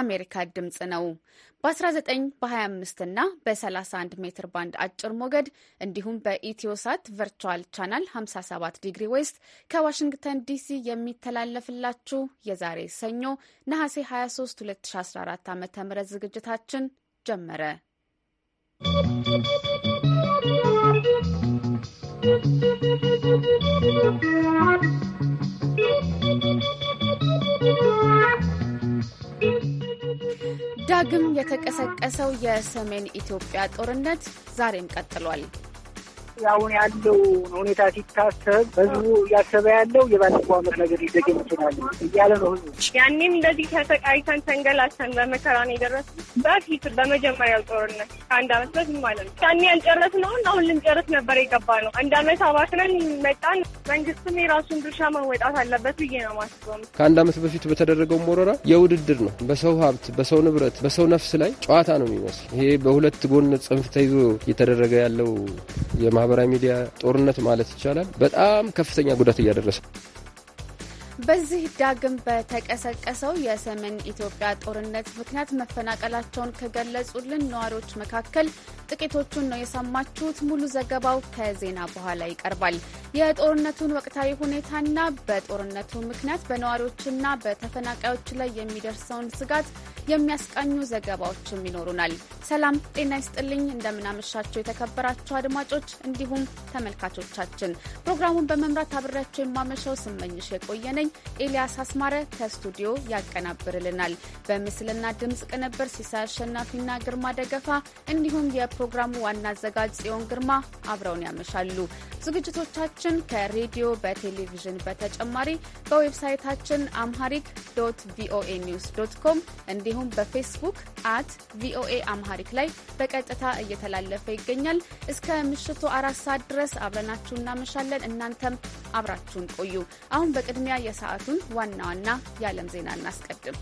የአሜሪካ ድምፅ ነው። በ19 በ25 እና በ31 ሜትር ባንድ አጭር ሞገድ እንዲሁም በኢትዮሳት ቨርቹዋል ቻናል 57 ዲግሪ ዌስት ከዋሽንግተን ዲሲ የሚተላለፍላችሁ የዛሬ ሰኞ ነሐሴ 23 2014 ዓ ም ዝግጅታችን ጀመረ። ¶¶ ዳግም የተቀሰቀሰው የሰሜን ኢትዮጵያ ጦርነት ዛሬም ቀጥሏል። አሁን ያለው ሁኔታ ሲታሰብ ህዝቡ እያሰበ ያለው የባለፈው ዓመት ነገር ሊደገ ይችላል እያለ ነው ህዝቡ። ያኔም እንደዚህ ተሰቃይተን ተንገላተን በመከራ ነው የደረስን። በፊት በመጀመሪያው ጦርነት ከአንድ አመት በፊት ማለት ነው። ያኔ ያልጨረስነውን አሁን ልንጨርስ ነበር የገባ ነው። አንድ አመት አባክነን መጣን። መንግስትም የራሱን ድርሻ መወጣት አለበት ብዬ ነው ማስበው። ከአንድ አመት በፊት በተደረገው ወረራ የውድድር ነው። በሰው ሀብት፣ በሰው ንብረት፣ በሰው ነፍስ ላይ ጨዋታ ነው የሚመስል ይሄ በሁለት ጎን ጽንፍ ተይዞ እየተደረገ ያለው የማህበ ማህበራዊ ሚዲያ ጦርነት ማለት ይቻላል በጣም ከፍተኛ ጉዳት እያደረሰ በዚህ ዳግም በተቀሰቀሰው የሰሜን ኢትዮጵያ ጦርነት ምክንያት መፈናቀላቸውን ከገለጹልን ነዋሪዎች መካከል ጥቂቶቹን ነው የሰማችሁት። ሙሉ ዘገባው ከዜና በኋላ ይቀርባል። የጦርነቱን ወቅታዊ ሁኔታና በጦርነቱ ምክንያት በነዋሪዎችና በተፈናቃዮች ላይ የሚደርሰውን ስጋት የሚያስቃኙ ዘገባዎችም ይኖሩናል። ሰላም ጤና ይስጥልኝ። እንደምናመሻቸው የተከበራችሁ አድማጮች እንዲሁም ተመልካቾቻችን ፕሮግራሙን በመምራት አብሬያቸው የማመሻው ስመኝሽ የቆየነኝ ኤልያስ አስማረ ከስቱዲዮ ያቀናብርልናል። በምስልና ድምፅ ቅንብር ሲሳይ አሸናፊና ግርማ ደገፋ እንዲሁም የፕሮግራሙ ዋና አዘጋጅ ጽዮን ግርማ አብረውን ያመሻሉ። ዝግጅቶቻችን ከሬዲዮ በቴሌቪዥን በተጨማሪ በዌብሳይታችን አምሃሪክ ዶት ቪኦኤ ኒውስ ዶት ኮም እንዲሁም በፌስቡክ አት ቪኦኤ አምሃሪክ ላይ በቀጥታ እየተላለፈ ይገኛል። እስከ ምሽቱ አራት ሰዓት ድረስ አብረናችሁ እናመሻለን። እናንተም አብራችሁን ቆዩ። አሁን በቅድሚያ የሰዓቱን ዋና ዋና የዓለም ዜና እናስቀድም።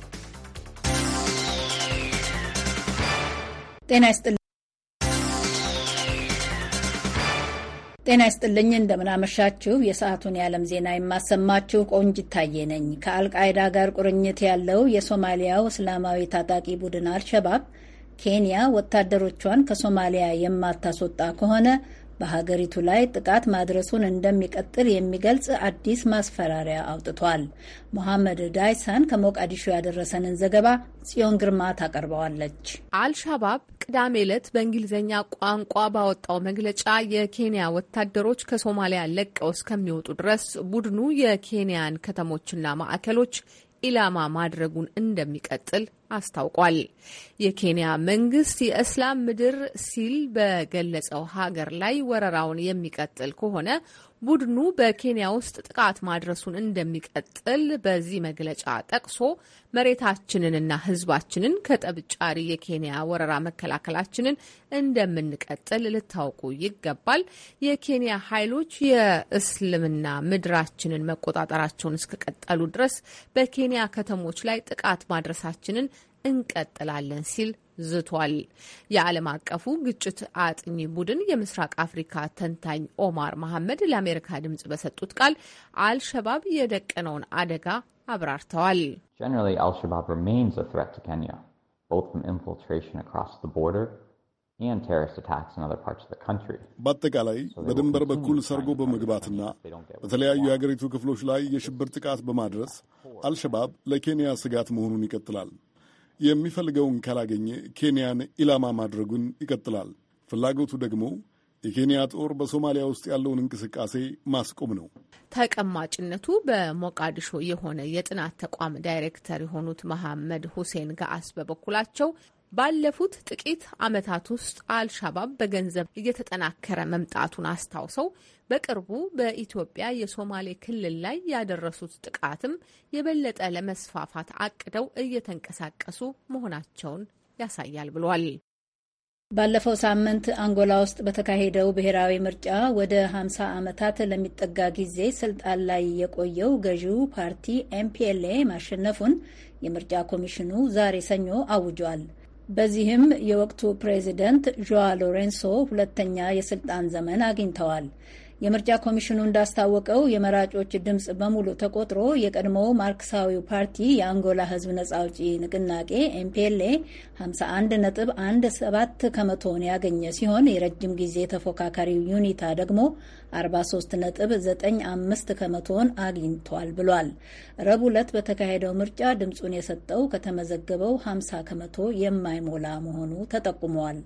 ጤና ይስጥልኝ። ጤና ይስጥልኝ። እንደምናመሻችሁ። የሰዓቱን የዓለም ዜና የማሰማችሁ ቆንጅ ታዬ ነኝ። ከአልቃይዳ ጋር ቁርኝት ያለው የሶማሊያው እስላማዊ ታጣቂ ቡድን አልሸባብ ኬንያ ወታደሮቿን ከሶማሊያ የማታስወጣ ከሆነ በሀገሪቱ ላይ ጥቃት ማድረሱን እንደሚቀጥል የሚገልጽ አዲስ ማስፈራሪያ አውጥቷል። ሞሐመድ ዳይሳን ከሞቃዲሾ ያደረሰንን ዘገባ ጽዮን ግርማ ታቀርበዋለች። አልሻባብ ቅዳሜ ዕለት በእንግሊዝኛ ቋንቋ ባወጣው መግለጫ የኬንያ ወታደሮች ከሶማሊያ ለቀው እስከሚወጡ ድረስ ቡድኑ የኬንያን ከተሞችና ማዕከሎች ኢላማ ማድረጉን እንደሚቀጥል አስታውቋል። የኬንያ መንግስት የእስላም ምድር ሲል በገለጸው ሀገር ላይ ወረራውን የሚቀጥል ከሆነ ቡድኑ በኬንያ ውስጥ ጥቃት ማድረሱን እንደሚቀጥል በዚህ መግለጫ ጠቅሶ መሬታችንንና ሕዝባችንን ከጠብጫሪ የኬንያ ወረራ መከላከላችንን እንደምንቀጥል ልታውቁ ይገባል። የኬንያ ኃይሎች የእስልምና ምድራችንን መቆጣጠራቸውን እስከቀጠሉ ድረስ በኬንያ ከተሞች ላይ ጥቃት ማድረሳችንን እንቀጥላለን ሲል ዝቷል። የዓለም አቀፉ ግጭት አጥኚ ቡድን የምስራቅ አፍሪካ ተንታኝ ኦማር መሐመድ ለአሜሪካ ድምጽ በሰጡት ቃል አልሸባብ የደቀነውን አደጋ አብራርተዋል። በአጠቃላይ በድንበር በኩል ሰርጎ በመግባትና በተለያዩ የአገሪቱ ክፍሎች ላይ የሽብር ጥቃት በማድረስ አልሸባብ ለኬንያ ስጋት መሆኑን ይቀጥላል። የሚፈልገውን ካላገኘ ኬንያን ኢላማ ማድረጉን ይቀጥላል። ፍላጎቱ ደግሞ የኬንያ ጦር በሶማሊያ ውስጥ ያለውን እንቅስቃሴ ማስቆም ነው። ተቀማጭነቱ በሞቃዲሾ የሆነ የጥናት ተቋም ዳይሬክተር የሆኑት መሐመድ ሁሴን ጋአስ በበኩላቸው ባለፉት ጥቂት ዓመታት ውስጥ አልሻባብ በገንዘብ እየተጠናከረ መምጣቱን አስታውሰው በቅርቡ በኢትዮጵያ የሶማሌ ክልል ላይ ያደረሱት ጥቃትም የበለጠ ለመስፋፋት አቅደው እየተንቀሳቀሱ መሆናቸውን ያሳያል ብሏል። ባለፈው ሳምንት አንጎላ ውስጥ በተካሄደው ብሔራዊ ምርጫ ወደ 50 ዓመታት ለሚጠጋ ጊዜ ስልጣን ላይ የቆየው ገዢው ፓርቲ ኤምፒኤልኤ ማሸነፉን የምርጫ ኮሚሽኑ ዛሬ ሰኞ አውጇል። በዚህም የወቅቱ ፕሬዚደንት ዦዋ ሎሬንሶ ሁለተኛ የስልጣን ዘመን አግኝተዋል። የምርጫ ኮሚሽኑ እንዳስታወቀው የመራጮች ድምፅ በሙሉ ተቆጥሮ የቀድሞው ማርክሳዊው ፓርቲ የአንጎላ ሕዝብ ነጻ አውጪ ንቅናቄ ኤምፔሌ 51.17 ከመቶን ያገኘ ሲሆን የረጅም ጊዜ ተፎካካሪው ዩኒታ ደግሞ 43.95 ከመቶን አግኝቷል ብሏል። ረቡዕ ዕለት በተካሄደው ምርጫ ድምፁን የሰጠው ከተመዘገበው 50 ከመቶ የማይሞላ መሆኑ ተጠቁመዋል።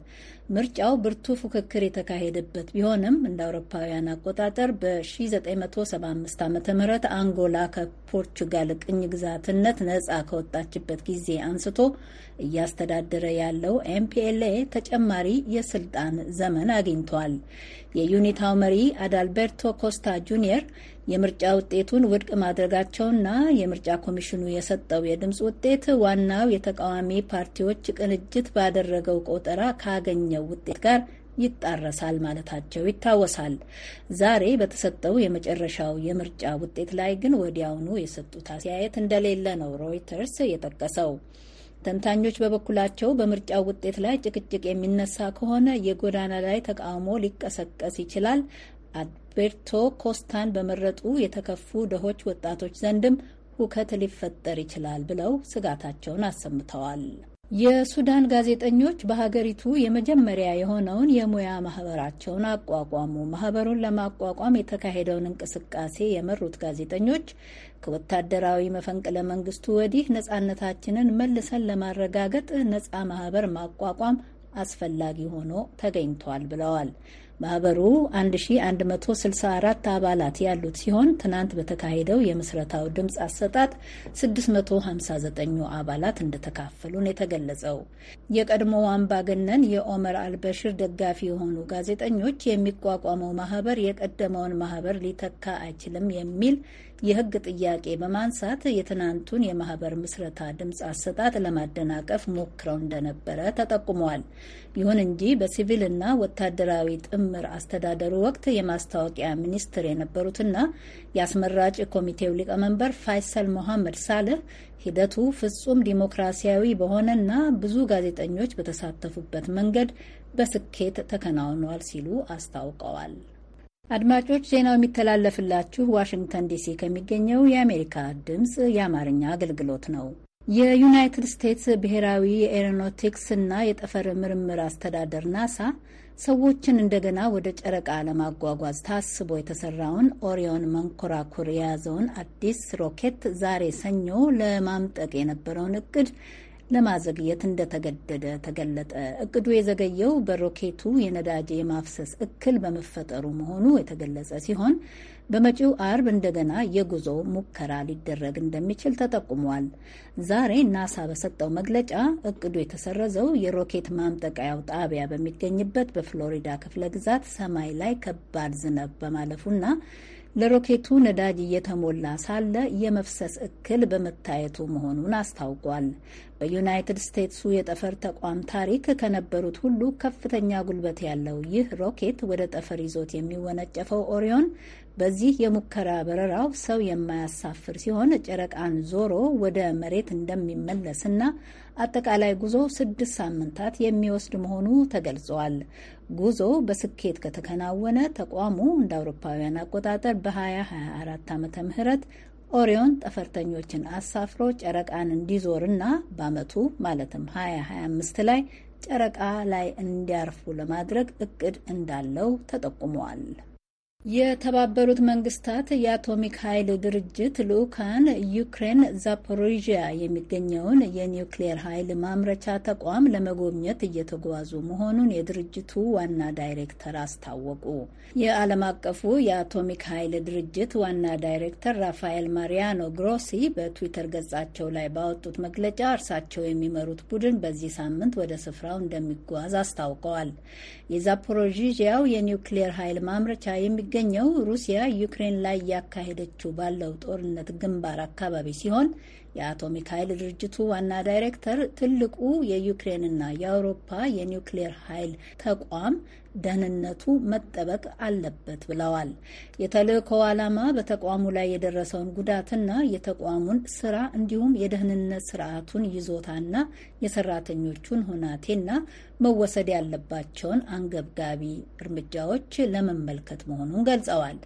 ምርጫው ብርቱ ፉክክር የተካሄደበት ቢሆንም እንደ አውሮፓውያን አቆጣጠር በ1975 ዓ ም አንጎላ ከፖርቹጋል ቅኝ ግዛትነት ነጻ ከወጣችበት ጊዜ አንስቶ እያስተዳደረ ያለው ኤምፒኤልኤ ተጨማሪ የስልጣን ዘመን አግኝቷል። የዩኒታው መሪ አዳልቤርቶ ኮስታ ጁኒየር የምርጫ ውጤቱን ውድቅ ማድረጋቸውና የምርጫ ኮሚሽኑ የሰጠው የድምፅ ውጤት ዋናው የተቃዋሚ ፓርቲዎች ቅንጅት ባደረገው ቆጠራ ካገኘው ውጤት ጋር ይጣረሳል ማለታቸው ይታወሳል። ዛሬ በተሰጠው የመጨረሻው የምርጫ ውጤት ላይ ግን ወዲያውኑ የሰጡት አስተያየት እንደሌለ ነው ሮይተርስ የጠቀሰው። ተንታኞች በበኩላቸው በምርጫው ውጤት ላይ ጭቅጭቅ የሚነሳ ከሆነ የጎዳና ላይ ተቃውሞ ሊቀሰቀስ ይችላል፣ ቤርቶ ኮስታን በመረጡ የተከፉ ድሆች ወጣቶች ዘንድም ሁከት ሊፈጠር ይችላል ብለው ስጋታቸውን አሰምተዋል። የሱዳን ጋዜጠኞች በሀገሪቱ የመጀመሪያ የሆነውን የሙያ ማህበራቸውን አቋቋሙ። ማህበሩን ለማቋቋም የተካሄደውን እንቅስቃሴ የመሩት ጋዜጠኞች ከወታደራዊ መፈንቅለ መንግስቱ ወዲህ ነጻነታችንን መልሰን ለማረጋገጥ ነጻ ማህበር ማቋቋም አስፈላጊ ሆኖ ተገኝቷል ብለዋል። ማህበሩ 1164 አባላት ያሉት ሲሆን ትናንት በተካሄደው የምስረታው ድምፅ አሰጣጥ 659 አባላት እንደተካፈሉ ነው የተገለጸው። የቀድሞው አምባገነን የኦመር አልበሽር ደጋፊ የሆኑ ጋዜጠኞች የሚቋቋመው ማህበር የቀደመውን ማህበር ሊተካ አይችልም የሚል የሕግ ጥያቄ በማንሳት የትናንቱን የማህበር ምስረታ ድምፅ አሰጣጥ ለማደናቀፍ ሞክረው እንደነበረ ተጠቁሟል። ይሁን እንጂ በሲቪልና ወታደራዊ ጥምር አስተዳደሩ ወቅት የማስታወቂያ ሚኒስትር የነበሩትና የአስመራጭ ኮሚቴው ሊቀመንበር ፋይሰል ሞሐመድ ሳልህ ሂደቱ ፍጹም ዲሞክራሲያዊ በሆነና ብዙ ጋዜጠኞች በተሳተፉበት መንገድ በስኬት ተከናውኗል ሲሉ አስታውቀዋል። አድማጮች ዜናው የሚተላለፍላችሁ ዋሽንግተን ዲሲ ከሚገኘው የአሜሪካ ድምፅ የአማርኛ አገልግሎት ነው። የዩናይትድ ስቴትስ ብሔራዊ የኤሮኖቲክስ እና የጠፈር ምርምር አስተዳደር ናሳ ሰዎችን እንደገና ወደ ጨረቃ ለማጓጓዝ ታስቦ የተሰራውን ኦሪዮን መንኮራኩር የያዘውን አዲስ ሮኬት ዛሬ ሰኞ ለማምጠቅ የነበረውን እቅድ ለማዘግየት እንደተገደደ ተገለጠ። እቅዱ የዘገየው በሮኬቱ የነዳጅ የማፍሰስ እክል በመፈጠሩ መሆኑ የተገለጸ ሲሆን በመጪው አርብ እንደገና የጉዞ ሙከራ ሊደረግ እንደሚችል ተጠቁሟል። ዛሬ ናሳ በሰጠው መግለጫ እቅዱ የተሰረዘው የሮኬት ማምጠቃያው ጣቢያ በሚገኝበት በፍሎሪዳ ክፍለ ግዛት ሰማይ ላይ ከባድ ዝናብ በማለፉና ለሮኬቱ ነዳጅ እየተሞላ ሳለ የመፍሰስ እክል በመታየቱ መሆኑን አስታውቋል። በዩናይትድ ስቴትሱ የጠፈር ተቋም ታሪክ ከነበሩት ሁሉ ከፍተኛ ጉልበት ያለው ይህ ሮኬት ወደ ጠፈር ይዞት የሚወነጨፈው ኦሪዮን በዚህ የሙከራ በረራው ሰው የማያሳፍር ሲሆን ጨረቃን ዞሮ ወደ መሬት እንደሚመለስና አጠቃላይ ጉዞ ስድስት ሳምንታት የሚወስድ መሆኑ ተገልጿል። ጉዞ በስኬት ከተከናወነ ተቋሙ እንደ አውሮፓውያን አቆጣጠር በ2024 ዓመተ ምህረት ኦሪዮን ጠፈርተኞችን አሳፍሮ ጨረቃን እንዲዞርና በአመቱ ማለትም 2025 ላይ ጨረቃ ላይ እንዲያርፉ ለማድረግ እቅድ እንዳለው ተጠቁሟል። የተባበሩት መንግስታት የአቶሚክ ኃይል ድርጅት ልዑካን ዩክሬን ዛፖሮዥያ የሚገኘውን የኒውክሌር ኃይል ማምረቻ ተቋም ለመጎብኘት እየተጓዙ መሆኑን የድርጅቱ ዋና ዳይሬክተር አስታወቁ። የዓለም አቀፉ የአቶሚክ ኃይል ድርጅት ዋና ዳይሬክተር ራፋኤል ማሪያኖ ግሮሲ በትዊተር ገጻቸው ላይ ባወጡት መግለጫ እርሳቸው የሚመሩት ቡድን በዚህ ሳምንት ወደ ስፍራው እንደሚጓዝ አስታውቀዋል። የዛፖሮዥያው የኒውክሌር ኃይል ማምረቻ የሚ የሚገኘው ሩሲያ ዩክሬን ላይ እያካሄደችው ባለው ጦርነት ግንባር አካባቢ ሲሆን የአቶሚክ ኃይል ድርጅቱ ዋና ዳይሬክተር ትልቁ የዩክሬንና የአውሮፓ የኒውክሌር ኃይል ተቋም ደህንነቱ መጠበቅ አለበት ብለዋል። የተልእኮ ዓላማ በተቋሙ ላይ የደረሰውን ጉዳትና የተቋሙን ስራ እንዲሁም የደህንነት ስርዓቱን ይዞታና የሰራተኞቹን ሁናቴና መወሰድ ያለባቸውን አንገብጋቢ እርምጃዎች ለመመልከት መሆኑን ገልጸዋል።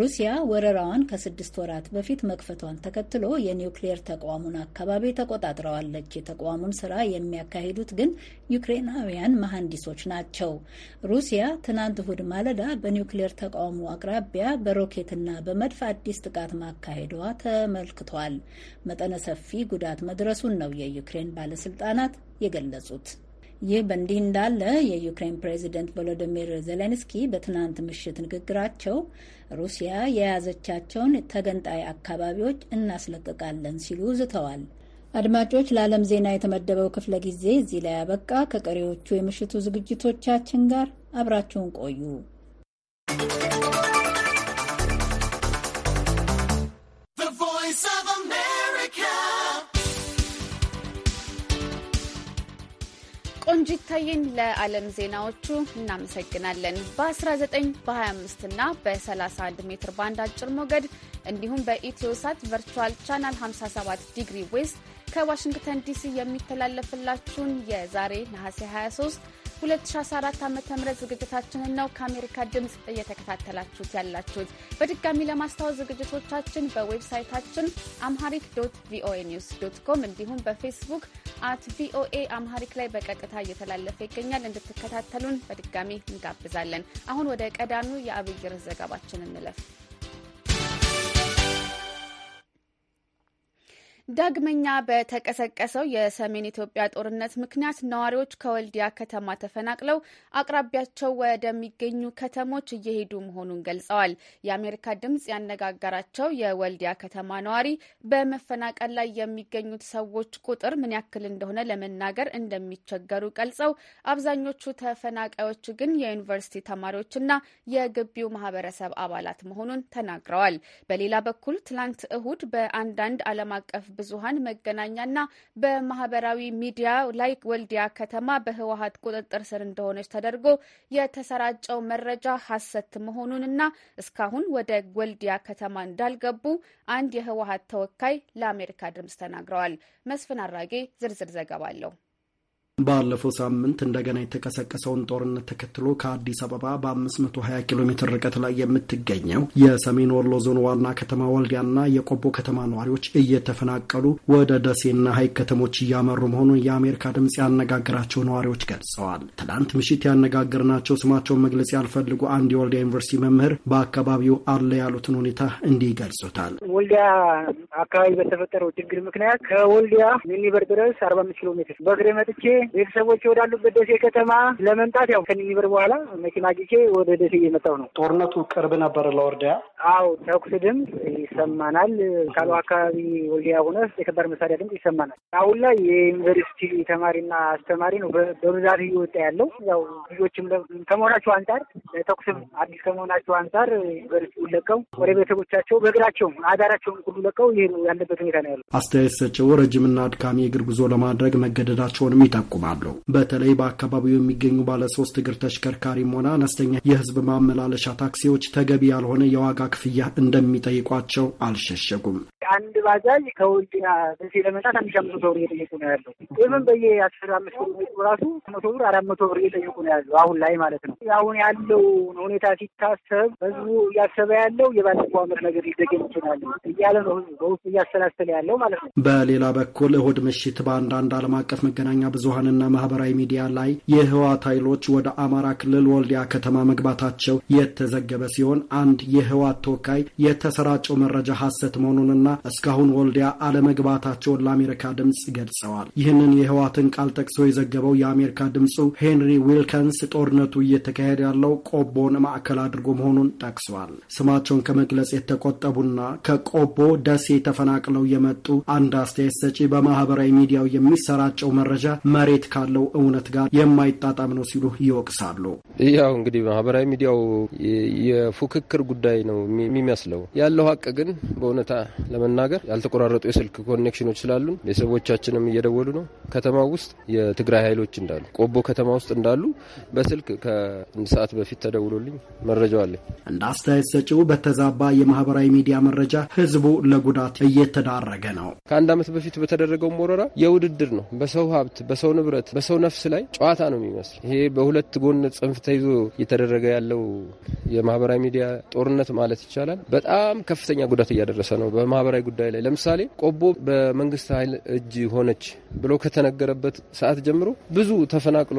ሩሲያ ወረራዋን ከስድስት ወራት በፊት መክፈቷን ተከትሎ የኒውክሌር ተቋሙን አካባቢ ተቆጣጥረዋለች። የተቋሙን ስራ የሚያካሂዱት ግን ዩክሬናውያን መሐንዲሶች ናቸው። ሩሲያ ትናንት እሁድ ማለዳ በኒውክሌር ተቋሙ አቅራቢያ በሮኬትና በመድፍ አዲስ ጥቃት ማካሄዷ ተመልክቷል። መጠነ ሰፊ ጉዳት መድረሱን ነው የዩክሬን ባለስልጣናት የገለጹት። ይህ በእንዲህ እንዳለ የዩክሬን ፕሬዚደንት ቮሎዲሚር ዜሌንስኪ በትናንት ምሽት ንግግራቸው ሩሲያ የያዘቻቸውን ተገንጣይ አካባቢዎች እናስለቅቃለን ሲሉ ዝተዋል። አድማጮች፣ ለዓለም ዜና የተመደበው ክፍለ ጊዜ እዚህ ላይ አበቃ። ከቀሪዎቹ የምሽቱ ዝግጅቶቻችን ጋር አብራችሁን ቆዩ። ቆንጂታዬን ለዓለም ዜናዎቹ እናመሰግናለን። በ19 በ25 እና በ31 ሜትር ባንድ አጭር ሞገድ እንዲሁም በኢትዮሳት ቨርቹዋል ቻናል 57 ዲግሪ ዌስት ከዋሽንግተን ዲሲ የሚተላለፍላችሁን የዛሬ ነሐሴ 23 2014 ዓ ም ዝግጅታችንን ነው ከአሜሪካ ድምፅ እየተከታተላችሁት ያላችሁት። በድጋሚ ለማስታወስ ዝግጅቶቻችን በዌብሳይታችን አምሃሪክ ዶት ቪኦኤ ኒውስ ዶት ኮም እንዲሁም በፌስቡክ አት ቪኦኤ አምሃሪክ ላይ በቀጥታ እየተላለፈ ይገኛል። እንድትከታተሉን በድጋሚ እንጋብዛለን። አሁን ወደ ቀዳሚው የአብይር ዘገባችን እንለፍ። ዳግመኛ በተቀሰቀሰው የሰሜን ኢትዮጵያ ጦርነት ምክንያት ነዋሪዎች ከወልዲያ ከተማ ተፈናቅለው አቅራቢያቸው ወደሚገኙ ከተሞች እየሄዱ መሆኑን ገልጸዋል። የአሜሪካ ድምጽ ያነጋገራቸው የወልዲያ ከተማ ነዋሪ በመፈናቀል ላይ የሚገኙት ሰዎች ቁጥር ምን ያክል እንደሆነ ለመናገር እንደሚቸገሩ ገልጸው አብዛኞቹ ተፈናቃዮች ግን የዩኒቨርሲቲ ተማሪዎችና የግቢው ማህበረሰብ አባላት መሆኑን ተናግረዋል። በሌላ በኩል ትላንት እሁድ በአንዳንድ ዓለም አቀፍ ብዙሀን መገናኛና በማህበራዊ ሚዲያ ላይ ወልዲያ ከተማ በህወሀት ቁጥጥር ስር እንደሆነች ተደርጎ የተሰራጨው መረጃ መሆኑን መሆኑንና እስካሁን ወደ ወልዲያ ከተማ እንዳልገቡ አንድ የህወሀት ተወካይ ለአሜሪካ ድምጽ ተናግረዋል። መስፍን አራጌ ዝርዝር ዘገባ አለው። ባለፈው ሳምንት እንደገና የተቀሰቀሰውን ጦርነት ተከትሎ ከአዲስ አበባ በ520 ኪሎ ሜትር ርቀት ላይ የምትገኘው የሰሜን ወሎ ዞን ዋና ከተማ ወልዲያና የቆቦ ከተማ ነዋሪዎች እየተፈናቀሉ ወደ ደሴና ሀይቅ ከተሞች እያመሩ መሆኑን የአሜሪካ ድምፅ ያነጋገራቸው ነዋሪዎች ገልጸዋል። ትናንት ምሽት ያነጋገርናቸው ስማቸውን መግለጽ ያልፈልጉ አንድ የወልዲያ ዩኒቨርሲቲ መምህር በአካባቢው አለ ያሉትን ሁኔታ እንዲህ ይገልጹታል። ወልዲያ አካባቢ በተፈጠረው ችግር ምክንያት ከወልዲያ ሚኒበር ድረስ 45 ኪሎ ሜትር በእግሬ መጥቼ ቤተሰቦች ወዳሉበት ደሴ ከተማ ለመምጣት ያው ከኒኒበር በኋላ መኪና ጊዜ ወደ ደሴ እየመጣው ነው። ጦርነቱ ቅርብ ነበር ለወርዳያ? አዎ ተኩስ ድምፅ ይሰማናል። ካሉ አካባቢ ወልዲያ ሆነ የከባድ መሳሪያ ድምፅ ይሰማናል። አሁን ላይ የዩኒቨርሲቲ ተማሪና አስተማሪ ነው በብዛት እየወጣ ያለው። ያው ልጆችም ከመሆናቸው አንጻር ተኩስም አዲስ ከመሆናቸው አንጻር ዩኒቨርሲቲውን ለቀው ወደ ቤተሰቦቻቸው በእግራቸው አዳራቸውን ሁሉ ለቀው ይሄ ያለበት ሁኔታ ነው ያለው። አስተያየት ሰጭው ረጅምና አድካሚ የእግር ጉዞ ለማድረግ መገደዳቸውንም ይጠቁ ይጠቁማሉ። በተለይ በአካባቢው የሚገኙ ባለሶስት እግር ተሽከርካሪም ሆነ አነስተኛ የህዝብ ማመላለሻ ታክሲዎች ተገቢ ያልሆነ የዋጋ ክፍያ እንደሚጠይቋቸው አልሸሸጉም። አንድ ባጃጅ ከወልዲያ በዚህ ለመጣት አንድ ሺህ አምስት ብር እየጠየቁ ነው ያለው። ይህም በየ አስር አምስት ብር ራሱ መቶ ብር አራት መቶ ብር እየጠየቁ ነው ያለው አሁን ላይ ማለት ነው። አሁን ያለው ሁኔታ ሲታሰብ ህዝቡ እያሰበ ያለው የባለፈው አመት ነገር ሊደገም ይችላል እያለ ነው ህዝቡ በውስጥ እያሰላሰለ ያለው ማለት ነው። በሌላ በኩል እሁድ ምሽት በአንዳንድ ዓለም አቀፍ መገናኛ ብዙሀን አውታራንና ማህበራዊ ሚዲያ ላይ የህወሓት ኃይሎች ወደ አማራ ክልል ወልዲያ ከተማ መግባታቸው የተዘገበ ሲሆን አንድ የህወሓት ተወካይ የተሰራጨው መረጃ ሐሰት መሆኑንና እስካሁን ወልዲያ አለመግባታቸውን ለአሜሪካ ድምፅ ገልጸዋል። ይህንን የህወሓትን ቃል ጠቅሶ የዘገበው የአሜሪካ ድምፁ ሄንሪ ዊልከንስ ጦርነቱ እየተካሄደ ያለው ቆቦን ማዕከል አድርጎ መሆኑን ጠቅሷል። ስማቸውን ከመግለጽ የተቆጠቡና ከቆቦ ደሴ ተፈናቅለው የመጡ አንድ አስተያየት ሰጪ በማህበራዊ ሚዲያው የሚሰራጨው መረጃ መሬ መሬት ካለው እውነት ጋር የማይጣጣም ነው ሲሉ ይወቅሳሉ። ያው እንግዲህ ማህበራዊ ሚዲያው የፉክክር ጉዳይ ነው የሚመስለው። ያለው ሀቅ ግን በእውነታ ለመናገር ያልተቆራረጡ የስልክ ኮኔክሽኖች ስላሉን ቤተሰቦቻችንም እየደወሉ ነው። ከተማ ውስጥ የትግራይ ኃይሎች እንዳሉ ቆቦ ከተማ ውስጥ እንዳሉ በስልክ ከአንድ ሰዓት በፊት ተደውሎልኝ መረጃው አለ። እንደ አስተያየት ሰጪው በተዛባ የማህበራዊ ሚዲያ መረጃ ህዝቡ ለጉዳት እየተዳረገ ነው። ከአንድ አመት በፊት በተደረገው ወረራ የውድድር ነው በሰው ሀብት በሰው ንብረት፣ በሰው ነፍስ ላይ ጨዋታ ነው የሚመስል። ይሄ በሁለት ጎን ጽንፍ ተይዞ እየተደረገ ያለው የማህበራዊ ሚዲያ ጦርነት ማለት ይቻላል በጣም ከፍተኛ ጉዳት እያደረሰ ነው በማህበራዊ ጉዳይ ላይ። ለምሳሌ ቆቦ በመንግስት ኃይል እጅ ሆነች ብሎ ከተነገረበት ሰዓት ጀምሮ ብዙ ተፈናቅሎ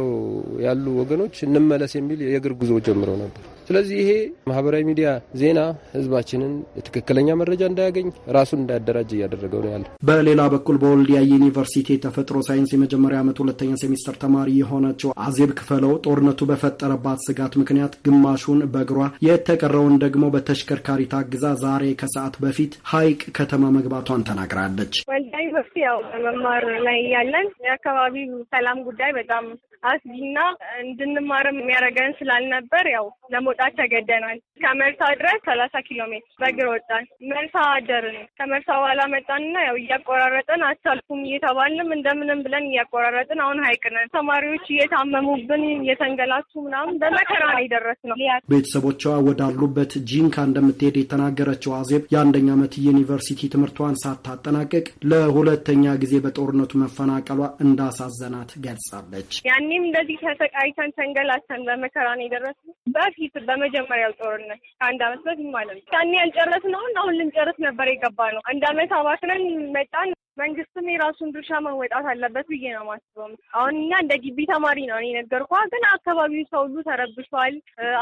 ያሉ ወገኖች እንመለስ የሚል የእግር ጉዞ ጀምሮ ነበር። ስለዚህ ይሄ ማህበራዊ ሚዲያ ዜና ህዝባችንን ትክክለኛ መረጃ እንዳያገኝ ራሱን እንዳያደራጅ እያደረገው ነው ያለ። በሌላ በኩል በወልዲያ ዩኒቨርሲቲ የተፈጥሮ ሳይንስ የመጀመሪያ ዓመት ሁለተኛ ሴሚስተር ተማሪ የሆነችው አዜብ ክፈለው ጦርነቱ በፈጠረባት ስጋት ምክንያት ግማሹን በእግሯ የተቀረውን ደግሞ በተሽከርካሪ ታግዛ ዛሬ ከሰዓት በፊት ሀይቅ ከተማ መግባቷን ተናግራለች። ወልዲያ ዩኒቨርሲቲ ያው በመማር ላይ እያለን የአካባቢ ሰላም ጉዳይ በጣም አስጊና እንድንማርም የሚያደርገን ስላልነበር ያው ለመውጣት ተገደናል። ከመርሳ ድረስ ሰላሳ ኪሎ ሜትር በእግር ወጣን። መርሳ አደርን። ከመርሳ በኋላ መጣንና ያው እያቆራረጥን አታልፉም እየተባልንም እንደምንም ብለን እያቆራረጥን ሆን ሀይቅ ነን። ተማሪዎች እየታመሙብን እየተንገላቱ ምናምን በመከራ ነው የደረስነው። ቤተሰቦቿ ወዳሉበት ጂንካ እንደምትሄድ የተናገረችው አዜብ የአንደኛ ዓመት ዩኒቨርሲቲ ትምህርቷን ሳታጠናቀቅ ለሁለተኛ ጊዜ በጦርነቱ መፈናቀሏ እንዳሳዘናት ገልጻለች። ያኔም እንደዚህ ተሰቃይተን ተንገላተን በመከራ ነው የደረስነው። በፊት በመጀመሪያው ጦርነት ከአንድ ዓመት በፊት ማለት ነው። ያኔ ያልጨረስነውን አሁን ልንጨርስ ነበር የገባ ነው። አንድ ዓመት አባክነን መጣን። መንግስትም የራሱን ድርሻ መወጣት አለበት ብዬ ነው የማስበው። አልገባም። አሁን እኛ እንደ ግቢ ተማሪ ነው እኔ ነገርኳ፣ ግን አካባቢው ሰው ሁሉ ተረብሿል።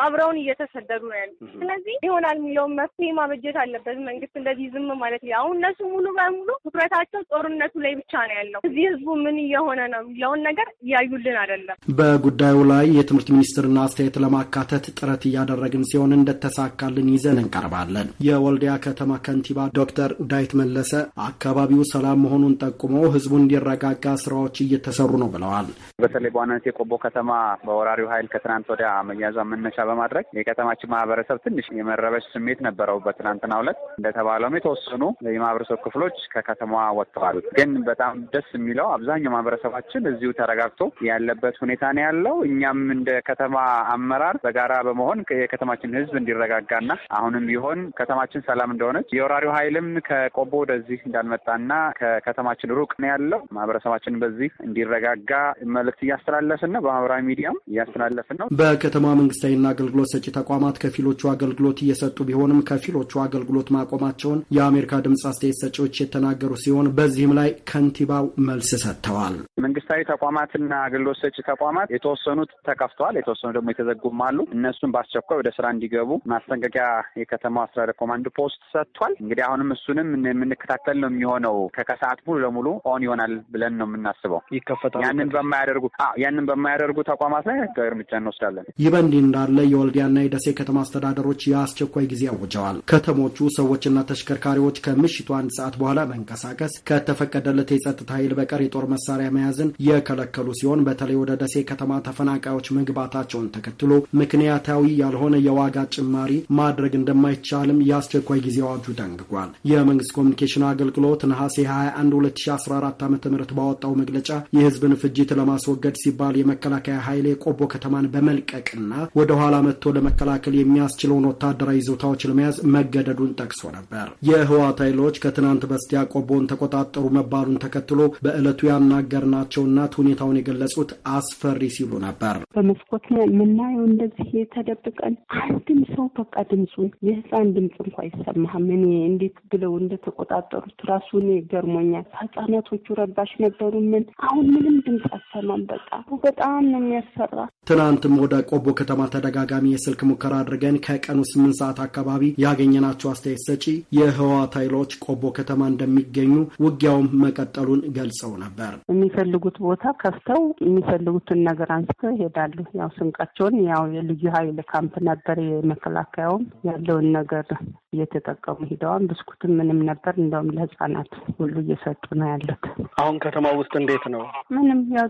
አብረውን እየተሰደዱ ነው ያሉ። ስለዚህ ይሆናል የሚለውን መፍትሄ ማበጀት አለበት መንግስት። እንደዚህ ዝም ማለት አሁን እነሱ ሙሉ በሙሉ ትኩረታቸው ጦርነቱ ላይ ብቻ ነው ያለው። እዚህ ህዝቡ ምን እየሆነ ነው የሚለውን ነገር እያዩልን አይደለም። በጉዳዩ ላይ የትምህርት ሚኒስትርና አስተያየት ለማካተት ጥረት እያደረግን ሲሆን እንደተሳካልን ይዘን እንቀርባለን። የወልዲያ ከተማ ከንቲባ ዶክተር ዳይት መለሰ አካባቢው ሰላም መሆኑን ጠቁመው ህዝቡ እንዲረጋጋ ስራዎች እየተሰሩ ነው ብለዋል። በተለይ በዋናነት የቆቦ ከተማ በወራሪው ኃይል ከትናንት ወዲያ መያዟ መነሻ በማድረግ የከተማችን ማህበረሰብ ትንሽ የመረበሽ ስሜት ነበረው። በትናንትና ሁለት እንደተባለውም የተወሰኑ የማህበረሰብ ክፍሎች ከከተማዋ ወጥተዋል። ግን በጣም ደስ የሚለው አብዛኛው ማህበረሰባችን እዚሁ ተረጋግቶ ያለበት ሁኔታ ነው ያለው። እኛም እንደ ከተማ አመራር በጋራ በመሆን የከተማችን ህዝብ እንዲረጋጋና አሁንም ቢሆን ከተማችን ሰላም እንደሆነች የወራሪው ኃይልም ከቆቦ ወደዚህ እንዳልመጣና ከከተማችን ሩቅ ነው ያለው ማህበረሰባችን በዚህ እንዲረጋ እንዲረጋጋ መልእክት እያስተላለፍን ነው። በማህበራዊ ሚዲያም እያስተላለፍን ነው። በከተማ መንግስታዊና አገልግሎት ሰጪ ተቋማት ከፊሎቹ አገልግሎት እየሰጡ ቢሆንም ከፊሎቹ አገልግሎት ማቆማቸውን የአሜሪካ ድምፅ አስተያየት ሰጪዎች የተናገሩ ሲሆን በዚህም ላይ ከንቲባው መልስ ሰጥተዋል። መንግስታዊ ተቋማትና አገልግሎት ሰጪ ተቋማት የተወሰኑት ተከፍተዋል፣ የተወሰኑ ደግሞ የተዘጉም አሉ። እነሱን በአስቸኳይ ወደ ስራ እንዲገቡ ማስጠንቀቂያ የከተማው አስተዳደር ኮማንድ ፖስት ሰጥቷል። እንግዲህ አሁንም እሱንም የምንከታተል ነው የሚሆነው። ከከሰዓት ሙሉ ለሙሉ ኦን ይሆናል ብለን ነው የምናስበው ይከፈ ያንን በማያደርጉ ያንን በማያደርጉ ተቋማት ላይ ህጋዊ እርምጃ እንወስዳለን። ይህ በእንዲህ እንዳለ የወልዲያና የደሴ ከተማ አስተዳደሮች የአስቸኳይ ጊዜ አውጀዋል። ከተሞቹ ሰዎችና ተሽከርካሪዎች ከምሽቱ አንድ ሰዓት በኋላ መንቀሳቀስ ከተፈቀደለት የጸጥታ ኃይል በቀር የጦር መሳሪያ መያዝን የከለከሉ ሲሆን በተለይ ወደ ደሴ ከተማ ተፈናቃዮች መግባታቸውን ተከትሎ ምክንያታዊ ያልሆነ የዋጋ ጭማሪ ማድረግ እንደማይቻልም የአስቸኳይ ጊዜ አዋጁ ደንግጓል። የመንግስት ኮሚኒኬሽን አገልግሎት ነሐሴ 21 2014 ዓ ም ባወጣው መግለጫ የህዝብ የህዝብን ፍጅት ለማስወገድ ሲባል የመከላከያ ኃይል የቆቦ ከተማን በመልቀቅና ወደ ኋላ መጥቶ ለመከላከል የሚያስችለውን ወታደራዊ ይዞታዎች ለመያዝ መገደዱን ጠቅሶ ነበር። የህወሓት ኃይሎች ከትናንት በስቲያ ቆቦን ተቆጣጠሩ መባሉን ተከትሎ በዕለቱ ያናገርናቸው እናት ሁኔታውን የገለጹት አስፈሪ ሲሉ ነበር። በመስኮት ላይ የምናየው እንደዚህ የተደብቀን አንድም ሰው በቃ ድምፁን የህፃን ድምፅ እንኳ አይሰማህም። እኔ እንዴት ብለው እንደተቆጣጠሩት ራሱ እኔ ገርሞኛል። ህጻናቶቹ ረባሽ ነበሩ። ምን አሁን ምንም ምንም ድምፅ አሰማም። በቃ በጣም ነው የሚያስፈራ። ትናንትም ወደ ቆቦ ከተማ ተደጋጋሚ የስልክ ሙከራ አድርገን ከቀኑ ስምንት ሰዓት አካባቢ ያገኘናቸው አስተያየት ሰጪ የህወሓት ኃይሎች ቆቦ ከተማ እንደሚገኙ ውጊያውም መቀጠሉን ገልጸው ነበር። የሚፈልጉት ቦታ ከፍተው የሚፈልጉትን ነገር አንስተው ይሄዳሉ። ያው ስንቃቸውን ያው የልዩ ኃይል ካምፕ ነበር የመከላከያውም ያለውን ነገር እየተጠቀሙ ሂደዋል። ብስኩትም ምንም ነበር። እንደውም ለህጻናት ሁሉ እየሰጡ ነው ያሉት። አሁን ከተማ ውስጥ እንዴት ነው? አሁንም ያው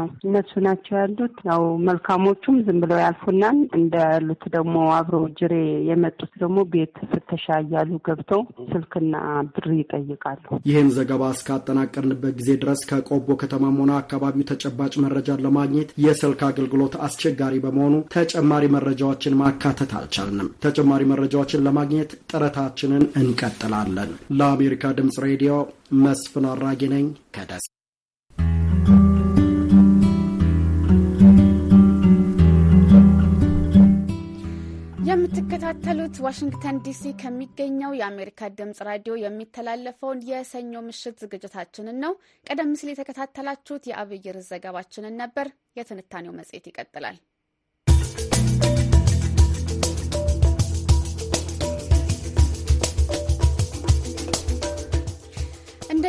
ነው። እነሱ ናቸው ያሉት። ያው መልካሞቹም ዝም ብለው ያልፉናል። እንደ ያሉት ደግሞ አብረው ጅሬ የመጡት ደግሞ ቤት ፍተሻ እያሉ ገብተው ስልክና ብር ይጠይቃሉ። ይህን ዘገባ እስካጠናቀርንበት ጊዜ ድረስ ከቆቦ ከተማም ሆነ አካባቢው ተጨባጭ መረጃን ለማግኘት የስልክ አገልግሎት አስቸጋሪ በመሆኑ ተጨማሪ መረጃዎችን ማካተት አልቻልንም። ተጨማሪ መረጃዎችን ለማግኘት ጥረታችንን እንቀጥላለን። ለአሜሪካ ድምጽ ሬዲዮ መስፍን አራጌ ነኝ ከደስ የምትከታተሉት ዋሽንግተን ዲሲ ከሚገኘው የአሜሪካ ድምጽ ራዲዮ የሚተላለፈውን የሰኞ ምሽት ዝግጅታችንን ነው። ቀደም ሲል የተከታተላችሁት የአብይር ዘገባችንን ነበር። የትንታኔው መጽሔት ይቀጥላል።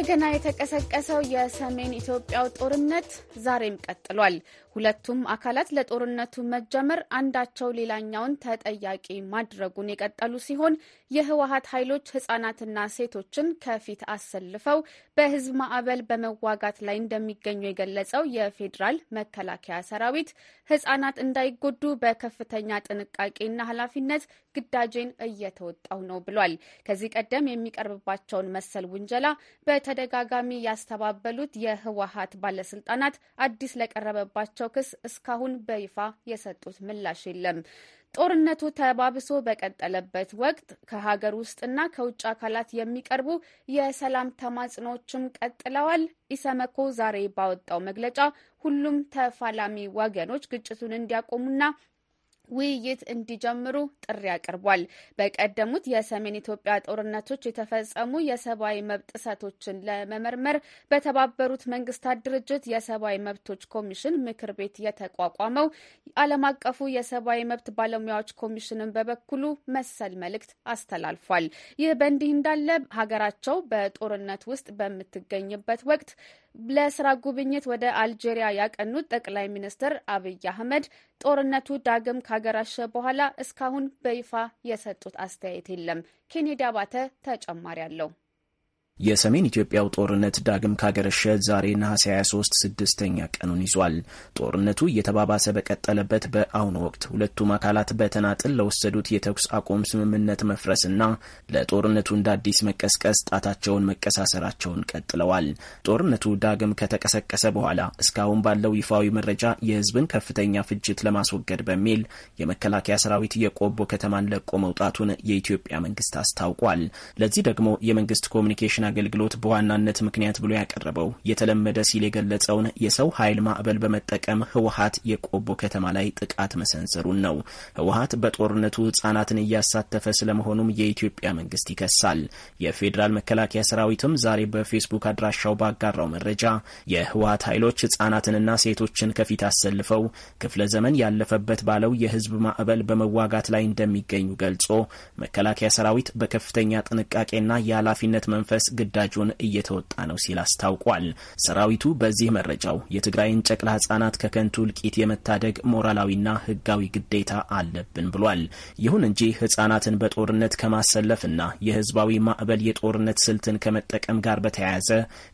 እንደገና የተቀሰቀሰው የሰሜን ኢትዮጵያው ጦርነት ዛሬም ቀጥሏል። ሁለቱም አካላት ለጦርነቱ መጀመር አንዳቸው ሌላኛውን ተጠያቂ ማድረጉን የቀጠሉ ሲሆን የህወሀት ኃይሎች ህጻናትና ሴቶችን ከፊት አሰልፈው በህዝብ ማዕበል በመዋጋት ላይ እንደሚገኙ የገለጸው የፌዴራል መከላከያ ሰራዊት ህጻናት እንዳይጎዱ በከፍተኛ ጥንቃቄና ኃላፊነት ግዳጄን እየተወጣው ነው ብሏል። ከዚህ ቀደም የሚቀርብባቸውን መሰል ውንጀላ በተደጋጋሚ ያስተባበሉት የህወሀት ባለስልጣናት አዲስ ለቀረበባቸው ክስ እስካሁን በይፋ የሰጡት ምላሽ የለም። ጦርነቱ ተባብሶ በቀጠለበት ወቅት ከሀገር ውስጥና ከውጭ አካላት የሚቀርቡ የሰላም ተማጽኖዎችም ቀጥለዋል። ኢሰመኮ ዛሬ ባወጣው መግለጫ ሁሉም ተፋላሚ ወገኖች ግጭቱን እንዲያቆሙና ውይይት እንዲጀምሩ ጥሪ አቅርቧል። በቀደሙት የሰሜን ኢትዮጵያ ጦርነቶች የተፈጸሙ የሰብአዊ መብት ጥሰቶችን ለመመርመር በተባበሩት መንግስታት ድርጅት የሰብአዊ መብቶች ኮሚሽን ምክር ቤት የተቋቋመው ዓለም አቀፉ የሰብአዊ መብት ባለሙያዎች ኮሚሽንን በበኩሉ መሰል መልእክት አስተላልፏል። ይህ በእንዲህ እንዳለ ሀገራቸው በጦርነት ውስጥ በምትገኝበት ወቅት ለስራ ጉብኝት ወደ አልጄሪያ ያቀኑት ጠቅላይ ሚኒስትር አብይ አህመድ ጦርነቱ ዳግም ካገራሸ በኋላ እስካሁን በይፋ የሰጡት አስተያየት የለም። ኬኔዲ አባተ ተጨማሪ አለው። የሰሜን ኢትዮጵያው ጦርነት ዳግም ካገረሸ ዛሬ ነሐሴ 23 ስድስተኛ ቀኑን ይዟል። ጦርነቱ እየተባባሰ በቀጠለበት በአሁኑ ወቅት ሁለቱም አካላት በተናጥል ለወሰዱት የተኩስ አቁም ስምምነት መፍረስና ለጦርነቱ እንደ አዲስ መቀስቀስ ጣታቸውን መቀሳሰራቸውን ቀጥለዋል። ጦርነቱ ዳግም ከተቀሰቀሰ በኋላ እስካሁን ባለው ይፋዊ መረጃ የህዝብን ከፍተኛ ፍጅት ለማስወገድ በሚል የመከላከያ ሰራዊት የቆቦ ከተማን ለቆ መውጣቱን የኢትዮጵያ መንግስት አስታውቋል። ለዚህ ደግሞ የመንግስት ኮሚኒኬሽን አገልግሎት በዋናነት ምክንያት ብሎ ያቀረበው የተለመደ ሲል የገለጸውን የሰው ኃይል ማዕበል በመጠቀም ህወሀት የቆቦ ከተማ ላይ ጥቃት መሰንዘሩን ነው። ህወሀት በጦርነቱ ህጻናትን እያሳተፈ ስለመሆኑም የኢትዮጵያ መንግስት ይከሳል። የፌዴራል መከላከያ ሰራዊትም ዛሬ በፌስቡክ አድራሻው ባጋራው መረጃ የህወሀት ኃይሎች ህጻናትንና ሴቶችን ከፊት አሰልፈው ክፍለ ዘመን ያለፈበት ባለው የህዝብ ማዕበል በመዋጋት ላይ እንደሚገኙ ገልጾ መከላከያ ሰራዊት በከፍተኛ ጥንቃቄና የኃላፊነት መንፈስ ግዳጁን እየተወጣ ነው ሲል አስታውቋል። ሰራዊቱ በዚህ መረጃው የትግራይን ጨቅላ ህጻናት ከከንቱ እልቂት የመታደግ ሞራላዊና ህጋዊ ግዴታ አለብን ብሏል። ይሁን እንጂ ህጻናትን በጦርነት ከማሰለፍና የህዝባዊ ማዕበል የጦርነት ስልትን ከመጠቀም ጋር በተያያዘ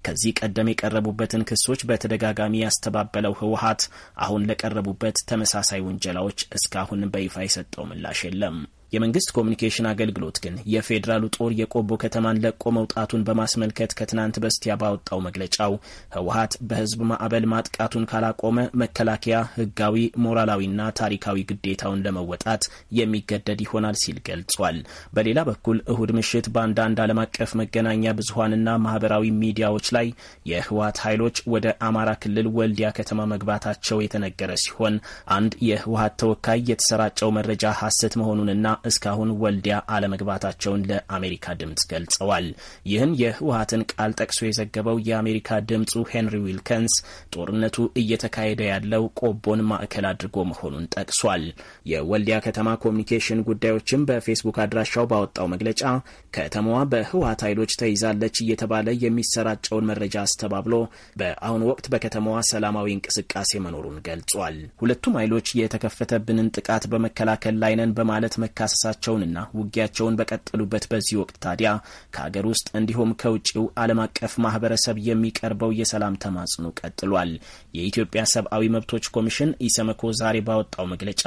ከዚህ ቀደም የቀረቡበትን ክሶች በተደጋጋሚ ያስተባበለው ህወሀት አሁን ለቀረቡበት ተመሳሳይ ውንጀላዎች እስካሁን በይፋ የሰጠው ምላሽ የለም። የመንግስት ኮሚኒኬሽን አገልግሎት ግን የፌዴራሉ ጦር የቆቦ ከተማን ለቆ መውጣቱን በማስመልከት ከትናንት በስቲያ ባወጣው መግለጫው ህወሀት በህዝብ ማዕበል ማጥቃቱን ካላቆመ መከላከያ ህጋዊ፣ ሞራላዊና ታሪካዊ ግዴታውን ለመወጣት የሚገደድ ይሆናል ሲል ገልጿል። በሌላ በኩል እሁድ ምሽት በአንዳንድ ዓለም አቀፍ መገናኛ ብዙሀንና ማህበራዊ ሚዲያዎች ላይ የህወሀት ኃይሎች ወደ አማራ ክልል ወልዲያ ከተማ መግባታቸው የተነገረ ሲሆን አንድ የህወሀት ተወካይ የተሰራጨው መረጃ ሀሰት መሆኑንና እስካሁን ወልዲያ አለመግባታቸውን ለአሜሪካ ድምፅ ገልጸዋል። ይህን የህወሀትን ቃል ጠቅሶ የዘገበው የአሜሪካ ድምፁ ሄንሪ ዊልከንስ ጦርነቱ እየተካሄደ ያለው ቆቦን ማዕከል አድርጎ መሆኑን ጠቅሷል። የወልዲያ ከተማ ኮሚኒኬሽን ጉዳዮችን በፌስቡክ አድራሻው ባወጣው መግለጫ ከተማዋ በህወሀት ኃይሎች ተይዛለች እየተባለ የሚሰራጨውን መረጃ አስተባብሎ በአሁኑ ወቅት በከተማዋ ሰላማዊ እንቅስቃሴ መኖሩን ገልጿል። ሁለቱም ኃይሎች የተከፈተብንን ጥቃት በመከላከል ላይ ነን በማለት መካ መካሰሳቸውንና ውጊያቸውን በቀጠሉበት በዚህ ወቅት ታዲያ ከሀገር ውስጥ እንዲሁም ከውጭው ዓለም አቀፍ ማህበረሰብ የሚቀርበው የሰላም ተማጽኖ ቀጥሏል። የኢትዮጵያ ሰብአዊ መብቶች ኮሚሽን ኢሰመኮ ዛሬ ባወጣው መግለጫ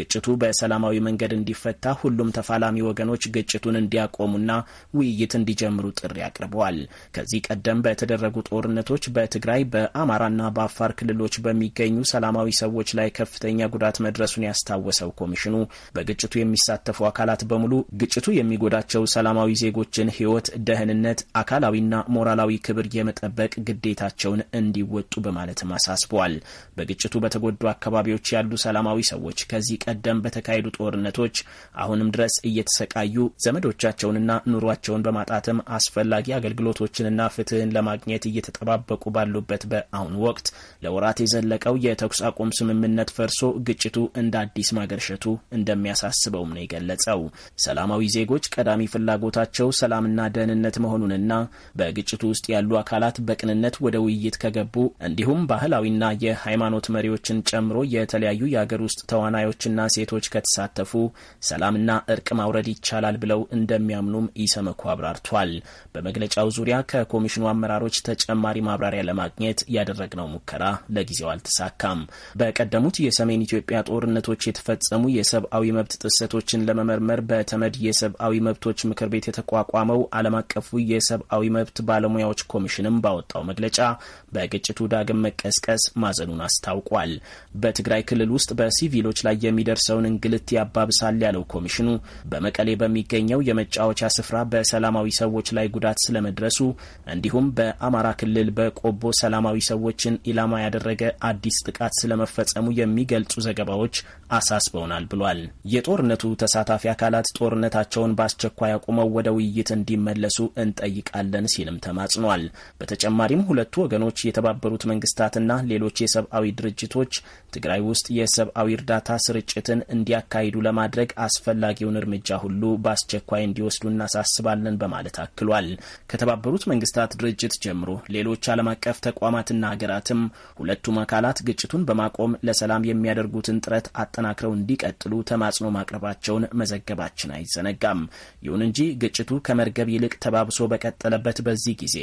ግጭቱ በሰላማዊ መንገድ እንዲፈታ ሁሉም ተፋላሚ ወገኖች ግጭቱን እንዲያቆሙና ውይይት እንዲጀምሩ ጥሪ አቅርበዋል። ከዚህ ቀደም በተደረጉ ጦርነቶች በትግራይ በአማራና በአፋር ክልሎች በሚገኙ ሰላማዊ ሰዎች ላይ ከፍተኛ ጉዳት መድረሱን ያስታወሰው ኮሚሽኑ በግጭቱ የሚሳ የተሳተፉ አካላት በሙሉ ግጭቱ የሚጎዳቸው ሰላማዊ ዜጎችን ህይወት ደህንነት፣ አካላዊና ሞራላዊ ክብር የመጠበቅ ግዴታቸውን እንዲወጡ በማለትም አሳስበዋል። በግጭቱ በተጎዱ አካባቢዎች ያሉ ሰላማዊ ሰዎች ከዚህ ቀደም በተካሄዱ ጦርነቶች አሁንም ድረስ እየተሰቃዩ ዘመዶቻቸውንና ኑሯቸውን በማጣትም አስፈላጊ አገልግሎቶችንና ፍትህን ለማግኘት እየተጠባበቁ ባሉበት በአሁኑ ወቅት ለወራት የዘለቀው የተኩስ አቁም ስምምነት ፈርሶ ግጭቱ እንደ አዲስ ማገርሸቱ እንደሚያሳስበውም ነው የገለጸው። ሰላማዊ ዜጎች ቀዳሚ ፍላጎታቸው ሰላምና ደህንነት መሆኑንና በግጭቱ ውስጥ ያሉ አካላት በቅንነት ወደ ውይይት ከገቡ እንዲሁም ባህላዊና የሃይማኖት መሪዎችን ጨምሮ የተለያዩ የአገር ውስጥ ተዋናዮችና ሴቶች ከተሳተፉ ሰላምና እርቅ ማውረድ ይቻላል ብለው እንደሚያምኑም ኢሰመኮ አብራርቷል። በመግለጫው ዙሪያ ከኮሚሽኑ አመራሮች ተጨማሪ ማብራሪያ ለማግኘት ያደረግነው ሙከራ ለጊዜው አልተሳካም። በቀደሙት የሰሜን ኢትዮጵያ ጦርነቶች የተፈጸሙ የሰብአዊ መብት ጥሰቶችን ጥሰቶችን ለመመርመር በተመድ የሰብአዊ መብቶች ምክር ቤት የተቋቋመው ዓለም አቀፉ የሰብአዊ መብት ባለሙያዎች ኮሚሽንም ባወጣው መግለጫ በግጭቱ ዳግም መቀስቀስ ማዘኑን አስታውቋል። በትግራይ ክልል ውስጥ በሲቪሎች ላይ የሚደርሰውን እንግልት ያባብሳል ያለው ኮሚሽኑ በመቀሌ በሚገኘው የመጫወቻ ስፍራ በሰላማዊ ሰዎች ላይ ጉዳት ስለመድረሱ እንዲሁም በአማራ ክልል በቆቦ ሰላማዊ ሰዎችን ኢላማ ያደረገ አዲስ ጥቃት ስለመፈጸሙ የሚገልጹ ዘገባዎች አሳስበውናል ብሏል። የጦርነቱ ተሳታፊ አካላት ጦርነታቸውን በአስቸኳይ አቁመው ወደ ውይይት እንዲመለሱ እንጠይቃለን ሲልም ተማጽኗል። በተጨማሪም ሁለቱ ወገኖች የተባበሩት መንግስታትና ሌሎች የሰብአዊ ድርጅቶች ትግራይ ውስጥ የሰብአዊ እርዳታ ስርጭትን እንዲያካሂዱ ለማድረግ አስፈላጊውን እርምጃ ሁሉ በአስቸኳይ እንዲወስዱ እናሳስባለን በማለት አክሏል። ከተባበሩት መንግስታት ድርጅት ጀምሮ ሌሎች ዓለም አቀፍ ተቋማትና ሀገራትም ሁለቱም አካላት ግጭቱን በማቆም ለሰላም የሚያደርጉትን ጥረት አጠናክረው እንዲቀጥሉ ተማጽኖ ማቅረባቸውን መሆናቸውን መዘገባችን አይዘነጋም። ይሁን እንጂ ግጭቱ ከመርገብ ይልቅ ተባብሶ በቀጠለበት በዚህ ጊዜ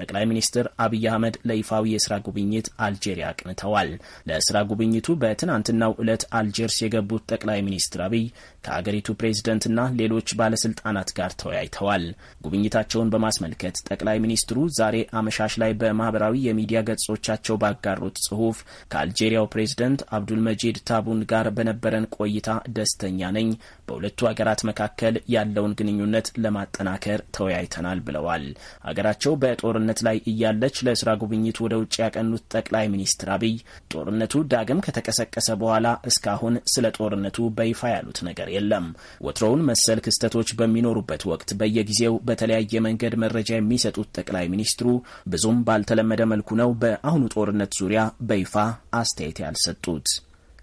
ጠቅላይ ሚኒስትር አብይ አህመድ ለይፋዊ የስራ ጉብኝት አልጄሪያ አቅንተዋል። ለስራ ጉብኝቱ በትናንትናው ዕለት አልጀርስ የገቡት ጠቅላይ ሚኒስትር አብይ ከአገሪቱ ፕሬዝደንትና ሌሎች ባለስልጣናት ጋር ተወያይተዋል። ጉብኝታቸውን በማስመልከት ጠቅላይ ሚኒስትሩ ዛሬ አመሻሽ ላይ በማህበራዊ የሚዲያ ገጾቻቸው ባጋሩት ጽሁፍ ከአልጄሪያው ፕሬዝደንት አብዱልመጂድ ታቡን ጋር በነበረን ቆይታ ደስተኛ ነኝ። በሁለቱ ሀገራት መካከል ያለውን ግንኙነት ለማጠናከር ተወያይተናል ብለዋል። ሀገራቸው በጦርነት ላይ እያለች ለስራ ጉብኝት ወደ ውጭ ያቀኑት ጠቅላይ ሚኒስትር አብይ ጦርነቱ ዳግም ከተቀሰቀሰ በኋላ እስካሁን ስለ ጦርነቱ በይፋ ያሉት ነገር የለም። ወትሮውን መሰል ክስተቶች በሚኖሩበት ወቅት በየጊዜው በተለያየ መንገድ መረጃ የሚሰጡት ጠቅላይ ሚኒስትሩ ብዙም ባልተለመደ መልኩ ነው በአሁኑ ጦርነት ዙሪያ በይፋ አስተያየት ያልሰጡት።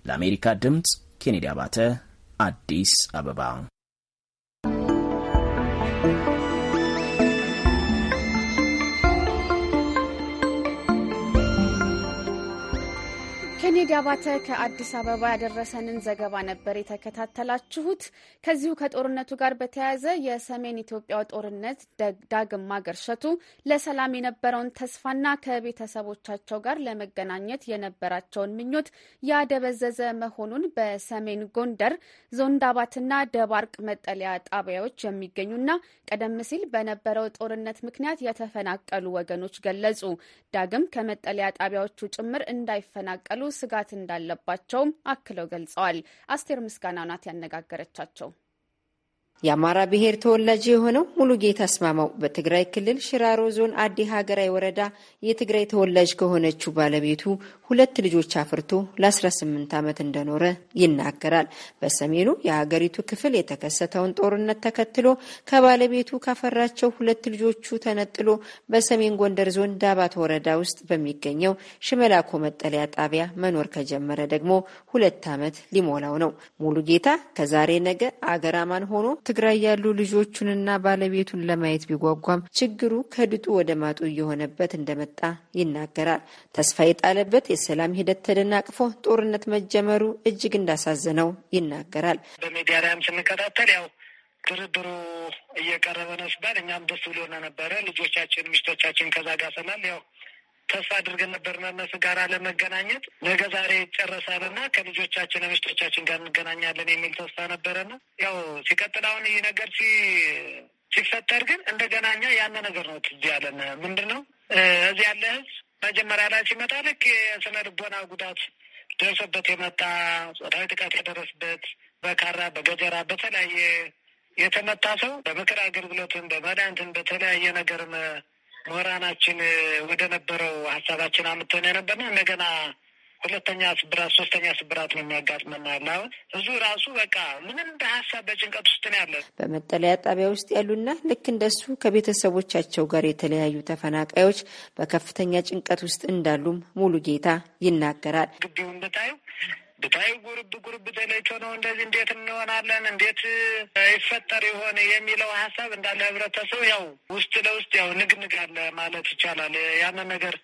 ለአሜሪካ ድምፅ ኬኔዲ አባተ አዲስ አበባ ኬኔዲ አባተ ከአዲስ አበባ ያደረሰንን ዘገባ ነበር የተከታተላችሁት። ከዚሁ ከጦርነቱ ጋር በተያያዘ የሰሜን ኢትዮጵያው ጦርነት ዳግም ማገርሸቱ ለሰላም የነበረውን ተስፋና ከቤተሰቦቻቸው ጋር ለመገናኘት የነበራቸውን ምኞት ያደበዘዘ መሆኑን በሰሜን ጎንደር ዞንዳባትና ደባርቅ መጠለያ ጣቢያዎች የሚገኙና ቀደም ሲል በነበረው ጦርነት ምክንያት የተፈናቀሉ ወገኖች ገለጹ። ዳግም ከመጠለያ ጣቢያዎቹ ጭምር እንዳይፈናቀሉ ስጋት እንዳለባቸውም አክለው ገልጸዋል። አስቴር ምስጋና ናት ያነጋገረቻቸው። የአማራ ብሔር ተወላጅ የሆነው ሙሉጌታ አስማማው በትግራይ ክልል ሽራሮ ዞን አዲ ሀገራዊ ወረዳ የትግራይ ተወላጅ ከሆነችው ባለቤቱ ሁለት ልጆች አፍርቶ ለ18 ዓመት እንደኖረ ይናገራል። በሰሜኑ የሀገሪቱ ክፍል የተከሰተውን ጦርነት ተከትሎ ከባለቤቱ ካፈራቸው ሁለት ልጆቹ ተነጥሎ በሰሜን ጎንደር ዞን ዳባት ወረዳ ውስጥ በሚገኘው ሽመላኮ መጠለያ ጣቢያ መኖር ከጀመረ ደግሞ ሁለት ዓመት ሊሞላው ነው። ሙሉ ጌታ ከዛሬ ነገ አገራማን ሆኖ ትግራይ ያሉ ልጆቹንና ባለቤቱን ለማየት ቢጓጓም ችግሩ ከድጡ ወደ ማጡ እየሆነበት እንደመጣ ይናገራል። ተስፋ የጣለበት የሰላም ሂደት ተደናቅፎ ጦርነት መጀመሩ እጅግ እንዳሳዘነው ይናገራል። በሚዲያ ላይም ስንከታተል ያው ድርድሩ እየቀረበ ነው ሲባል እኛም ደስ ብሎ ነበረ። ልጆቻችን፣ ሚስቶቻችን ከዛ ጋር ሰላል ያው ተስፋ አድርገን ነበር መመስ ጋር ለመገናኘት ነገ ዛሬ ይጨረሳል ይጨረሳልና ከልጆቻችን ሚስቶቻችን ጋር እንገናኛለን የሚል ተስፋ ነበረና ያው ሲቀጥል አሁን ይህ ነገር ሲ ሲፈጠር ግን እንደገናኛ ያነ ነገር ነው ትዝ ያለን ምንድን ነው እዚህ ያለ ህዝብ መጀመሪያ ላይ ሲመጣ ልክ የስነ ልቦና ጉዳት ደርሶበት የመጣ ጾታዊ ጥቃት የደረስበት በካራ በገጀራ በተለያየ የተመታ ሰው በምክር አገልግሎትን በመድኃኒትን በተለያየ ነገርም ምሁራናችን ወደ ነበረው ሀሳባችን አምተን የነበርነው እንደገና ሁለተኛ ስብራት፣ ሶስተኛ ስብራት ነው የሚያጋጥመና ያለ አሁን እዙ ራሱ በቃ ምንም በሀሳብ በጭንቀት ውስጥ ነው ያለ። በመጠለያ ጣቢያ ውስጥ ያሉና ልክ እንደሱ ከቤተሰቦቻቸው ጋር የተለያዩ ተፈናቃዮች በከፍተኛ ጭንቀት ውስጥ እንዳሉም ሙሉ ጌታ ይናገራል። ግቢውን ብታዩ ብታዩ ጉርብ ጉርብ ተለይቶ ነው እንደዚህ እንዴት እንሆናለን እንዴት ይፈጠር ይሆን የሚለው ሀሳብ እንዳለ ህብረተሰብ ያው ውስጥ ለውስጥ ያው ንግንግ አለ ማለት ይቻላል ያንን ነገር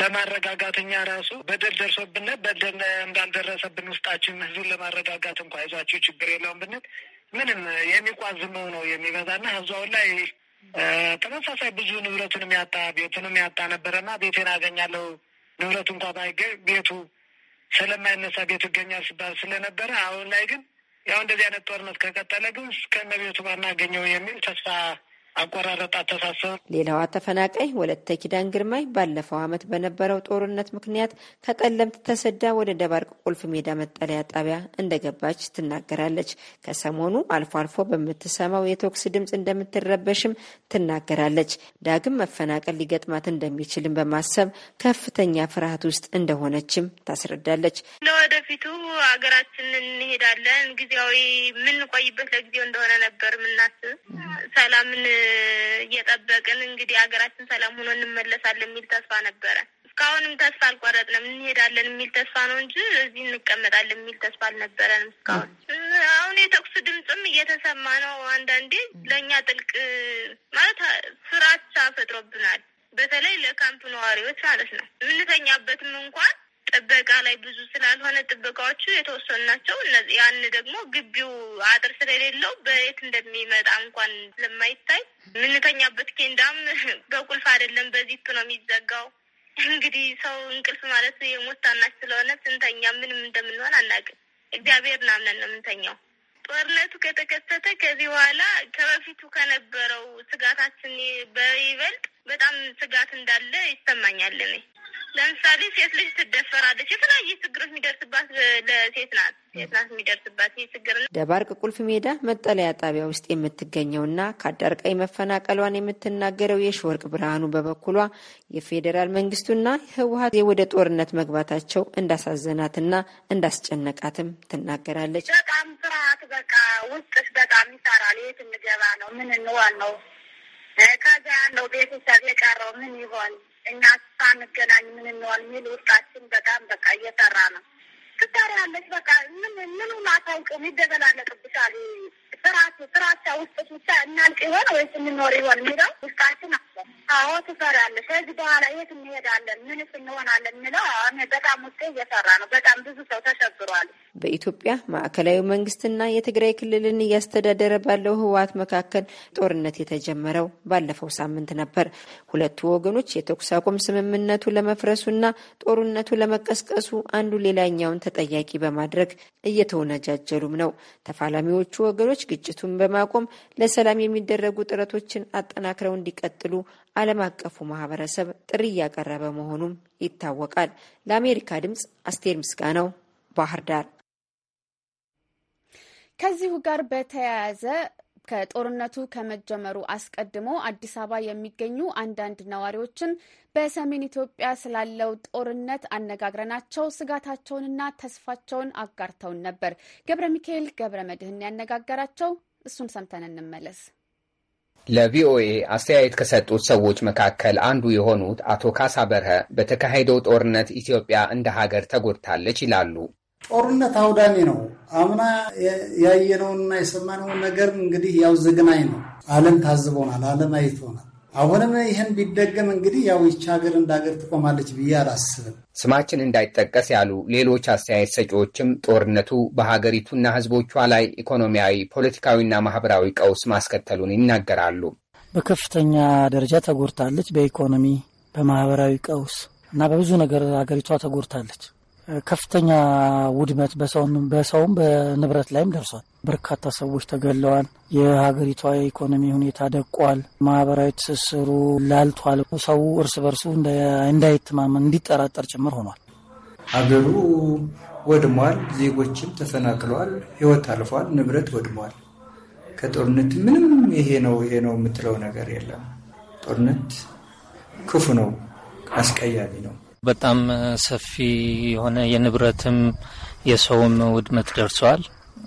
ለማረጋጋት እኛ ራሱ በደል ደርሶብን በደል እንዳልደረሰብን ውስጣችን ህዝቡን ለማረጋጋት እንኳ ይዟቸው ችግር የለውም ብንል ምንም የሚቋዝመው ነው የሚበዛና ህዝባውን ላይ ተመሳሳይ ብዙ ንብረቱንም ያጣ ቤቱንም ያጣ ነበረና ቤቴን አገኛለሁ ንብረቱ እንኳ ባይገ ቤቱ ስለማይነሳ ቤቱ ይገኛል ሲባል ስለነበረ አሁን ላይ ግን ያው እንደዚህ አይነት ጦርነት ከቀጠለ ግን እስከነ ቤቱ ባናገኘው የሚል ተስፋ አቆራረጥ አተሳሰብ። ሌላዋ ተፈናቃይ ወለተ ኪዳን ግርማይ ባለፈው ዓመት በነበረው ጦርነት ምክንያት ከጠለምት ተሰዳ ወደ ደባርቅ ቁልፍ ሜዳ መጠለያ ጣቢያ እንደገባች ትናገራለች። ከሰሞኑ አልፎ አልፎ በምትሰማው የተኩስ ድምፅ እንደምትረበሽም ትናገራለች። ዳግም መፈናቀል ሊገጥማት እንደሚችልም በማሰብ ከፍተኛ ፍርሃት ውስጥ እንደሆነችም ታስረዳለች። ለወደፊቱ ሀገራችን እንሄዳለን ጊዜያዊ የምንቆይበት ለጊዜው እንደሆነ ነበር ምናስብ ሰላምን እየጠበቅን እንግዲህ ሀገራችን ሰላም ሆኖ እንመለሳለን የሚል ተስፋ ነበረ። እስካሁንም ተስፋ አልቆረጥንም። እንሄዳለን የሚል ተስፋ ነው እንጂ እዚህ እንቀመጣለን የሚል ተስፋ አልነበረንም እስካሁን። አሁን የተኩስ ድምፅም እየተሰማ ነው። አንዳንዴ ለእኛ ጥልቅ ማለት ፍራቻ ፈጥሮብናል። በተለይ ለካምፕ ነዋሪዎች ማለት ነው። የምንተኛበትም እንኳን ጥበቃ ላይ ብዙ ስላልሆነ ጥበቃዎቹ የተወሰኑ ናቸው። ያን ደግሞ ግቢው አጥር ስለሌለው በየት እንደሚመጣ እንኳን ስለማይታይ የምንተኛበት ኬንዳም በቁልፍ አይደለም፣ በዚፕ ነው የሚዘጋው። እንግዲህ ሰው እንቅልፍ ማለት የሞት ታናሽ ስለሆነ ስንተኛ ምንም እንደምንሆን አናውቅም። እግዚአብሔር ናምነን ነው የምንተኛው። ጦርነቱ ከተከሰተ ከዚህ በኋላ ከበፊቱ ከነበረው ስጋታችን በይበልጥ በጣም ስጋት እንዳለ ይሰማኛል እኔ ለምሳሌ ሴት ልጅ ትደፈራለች። የተለያየ ችግር የሚደርስባት ለሴት ናት የሚደርስባት ደባርቅ ቁልፍ ሜዳ መጠለያ ጣቢያ ውስጥ የምትገኘውና ከአዳርቃይ መፈናቀሏን የምትናገረው የሽወርቅ ብርሃኑ በበኩሏ የፌዴራል መንግስቱና ህወሀት ወደ ጦርነት መግባታቸው እንዳሳዘናትና እንዳስጨነቃትም ትናገራለች። በጣም ፍርሃት በቃ ውስጥሽ በጣም ይሰራል። የት እንገባ ነው? ምን እንዋል ነው? ከዚያ ያለው ቤተሰብ የቀረው ምን ይሆን እኛ እንገናኝ ምን እንሆን የሚል ውስጣችን በጣም በቃ እየሰራ ነው። ትታሪያለች። በቃ ምን ምኑ አታውቅም። ይደበላለቅብሻል። ስራት ስራቻ ውስጥ ብቻ እናልቅ ይሆን ወይስ እንኖር ይሆን የሚለው ውስጣችን አለ። አዎ ትፈሪያለሽ። ከዚህ በኋላ የት እንሄዳለን፣ ምንስ እንሆናለን የሚለው በጣም ውስጤ እየሰራ ነው። በጣም ብዙ ሰው ተሸግሯል። በኢትዮጵያ ማዕከላዊ መንግስትና የትግራይ ክልልን እያስተዳደረ ባለው ህወሀት መካከል ጦርነት የተጀመረው ባለፈው ሳምንት ነበር። ሁለቱ ወገኖች የተኩስ አቁም ስምምነቱ ለመፍረሱና ጦርነቱ ለመቀስቀሱ አንዱ ሌላኛውን ተጠያቂ በማድረግ እየተወነጃጀሉም ነው። ተፋላሚዎቹ ወገኖች ግጭቱን በማቆም ለሰላም የሚደረጉ ጥረቶችን አጠናክረው እንዲቀጥሉ ዓለም አቀፉ ማህበረሰብ ጥሪ እያቀረበ መሆኑም ይታወቃል። ለአሜሪካ ድምጽ አስቴር ምስጋናው ባህር ዳር። ከዚሁ ጋር በተያያዘ ከጦርነቱ ከመጀመሩ አስቀድሞ አዲስ አበባ የሚገኙ አንዳንድ ነዋሪዎችን በሰሜን ኢትዮጵያ ስላለው ጦርነት አነጋግረናቸው ስጋታቸውንና ተስፋቸውን አጋርተውን ነበር። ገብረ ሚካኤል ገብረ መድህን ያነጋገራቸው እሱን ሰምተን እንመለስ። ለቪኦኤ አስተያየት ከሰጡት ሰዎች መካከል አንዱ የሆኑት አቶ ካሳ በርሀ በተካሄደው ጦርነት ኢትዮጵያ እንደ ሀገር ተጎድታለች ይላሉ። ጦርነት አውዳሚ ነው። አምና ያየነውንና የሰማነውን ነገር እንግዲህ ያው ዘግናኝ ነው። ዓለም ታዝቦናል። ዓለም አይቶናል። አሁንም ይህን ቢደገም እንግዲህ ያው ይች ሀገር እንደ ሀገር ትቆማለች ብዬ አላስብም። ስማችን እንዳይጠቀስ ያሉ ሌሎች አስተያየት ሰጪዎችም ጦርነቱ በሀገሪቱና ሕዝቦቿ ላይ ኢኮኖሚያዊ፣ ፖለቲካዊና ማህበራዊ ቀውስ ማስከተሉን ይናገራሉ። በከፍተኛ ደረጃ ተጎድታለች። በኢኮኖሚ በማህበራዊ ቀውስ እና በብዙ ነገር ሀገሪቷ ተጎድታለች። ከፍተኛ ውድመት በሰውም በንብረት ላይም ደርሷል። በርካታ ሰዎች ተገለዋል። የሀገሪቷ የኢኮኖሚ ሁኔታ ደቋል። ማህበራዊ ትስስሩ ላልቷል። ሰው እርስ በርሱ እንዳይተማመን እንዲጠራጠር ጭምር ሆኗል። ሀገሩ ወድሟል። ዜጎችም ተፈናቅለዋል። ህይወት አልፏል። ንብረት ወድሟል። ከጦርነት ምንም ይሄ ነው ይሄ ነው የምትለው ነገር የለም። ጦርነት ክፉ ነው፣ አስቀያሚ ነው። በጣም ሰፊ የሆነ የንብረትም የሰውም ውድመት ደርሰዋል።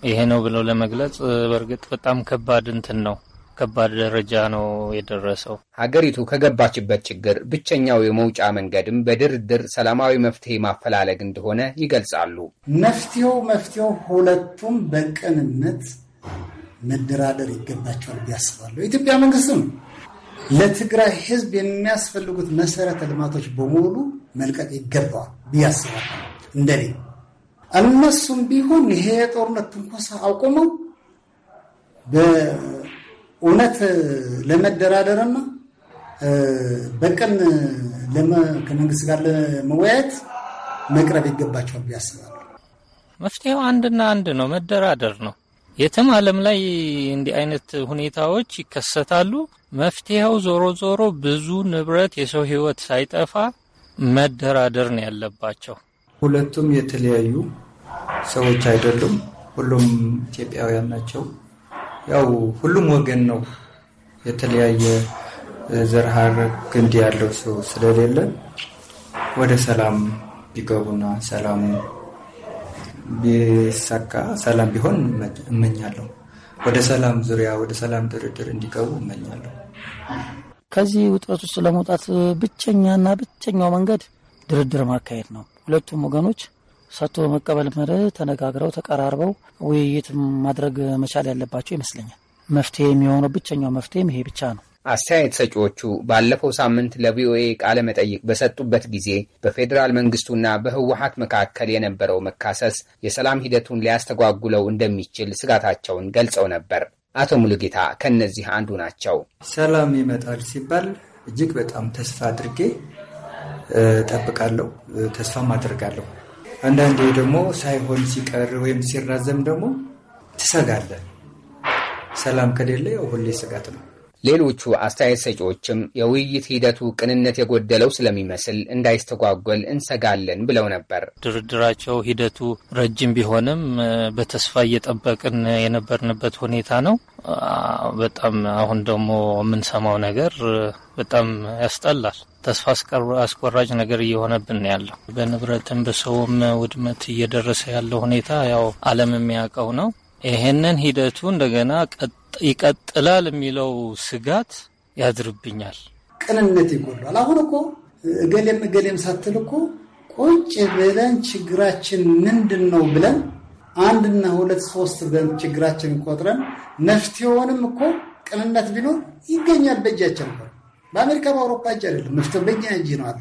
ይሄ ነው ብለው ለመግለጽ በእርግጥ በጣም ከባድ እንትን ነው ከባድ ደረጃ ነው የደረሰው። ሀገሪቱ ከገባችበት ችግር ብቸኛው የመውጫ መንገድም በድርድር ሰላማዊ መፍትሄ ማፈላለግ እንደሆነ ይገልጻሉ። መፍትሄው መፍትሄው ሁለቱም በቅንነት መደራደር ይገባቸዋል ቢያስባለሁ ኢትዮጵያ መንግስትም ለትግራይ ህዝብ የሚያስፈልጉት መሰረተ ልማቶች በሙሉ መልቀቅ ይገባዋል ብዬ አስባለሁ። እንደኔ እነሱም ቢሆን ይሄ የጦርነት ትንኮሳ አቁመው በእውነት ለመደራደርና በቀን ከመንግስት ጋር ለመወያየት መቅረብ ይገባቸዋል ብዬ አስባለሁ። መፍትሄው አንድና አንድ ነው፣ መደራደር ነው። የትም ዓለም ላይ እንዲህ አይነት ሁኔታዎች ይከሰታሉ። መፍትሄው ዞሮ ዞሮ ብዙ ንብረት፣ የሰው ህይወት ሳይጠፋ መደራደር ነው ያለባቸው። ሁለቱም የተለያዩ ሰዎች አይደሉም። ሁሉም ኢትዮጵያውያን ናቸው። ያው ሁሉም ወገን ነው። የተለያየ ዘር ሐረግ ግንድ ያለው ሰው ስለሌለ ወደ ሰላም ቢገቡና ሰላሙ ቢሳካ ሰላም ቢሆን እመኛለሁ። ወደ ሰላም ዙሪያ ወደ ሰላም ድርድር እንዲገቡ እመኛለሁ። ከዚህ ውጥረት ውስጥ ለመውጣት ብቸኛና ብቸኛው መንገድ ድርድር ማካሄድ ነው። ሁለቱም ወገኖች ሰጥቶ በመቀበል መርህ ተነጋግረው ተቀራርበው ውይይት ማድረግ መቻል ያለባቸው ይመስለኛል። መፍትሄ የሚሆነው ብቸኛው መፍትሄም ይሄ ብቻ ነው። አስተያየት ሰጪዎቹ ባለፈው ሳምንት ለቪኦኤ ቃለ መጠይቅ በሰጡበት ጊዜ በፌዴራል መንግስቱና በህወሀት መካከል የነበረው መካሰስ የሰላም ሂደቱን ሊያስተጓጉለው እንደሚችል ስጋታቸውን ገልጸው ነበር። አቶ ሙሉጌታ ከእነዚህ አንዱ ናቸው። ሰላም ይመጣል ሲባል እጅግ በጣም ተስፋ አድርጌ ጠብቃለሁ፣ ተስፋም አድርጋለሁ። አንዳንዴ ደግሞ ሳይሆን ሲቀር ወይም ሲራዘም ደግሞ ትሰጋለህ። ሰላም ከሌለ ያው ሁሌ ስጋት ነው። ሌሎቹ አስተያየት ሰጪዎችም የውይይት ሂደቱ ቅንነት የጎደለው ስለሚመስል እንዳይስተጓጎል እንሰጋለን ብለው ነበር። ድርድራቸው ሂደቱ ረጅም ቢሆንም በተስፋ እየጠበቅን የነበርንበት ሁኔታ ነው። በጣም አሁን ደግሞ የምንሰማው ነገር በጣም ያስጠላል። ተስፋ አስቆራጭ ነገር እየሆነብን ያለው በንብረትም በሰውም ውድመት እየደረሰ ያለው ሁኔታ ያው ዓለም የሚያውቀው ነው። ይህንን ሂደቱ እንደገና ቀጥ ይቀጥላል የሚለው ስጋት ያድርብኛል። ቅንነት ይጎሏል። አሁን እኮ እገሌም እገሌም ሳትል እኮ ቁጭ ብለን ችግራችን ምንድን ነው ብለን አንድና ሁለት ሶስት ብለን ችግራችን ቆጥረን መፍትሄውንም እኮ ቅንነት ቢኖር ይገኛል በእጃችን። በአሜሪካ በአውሮፓ እጅ አይደለም፣ መፍትሄው በኛ እጅ ነው አለ።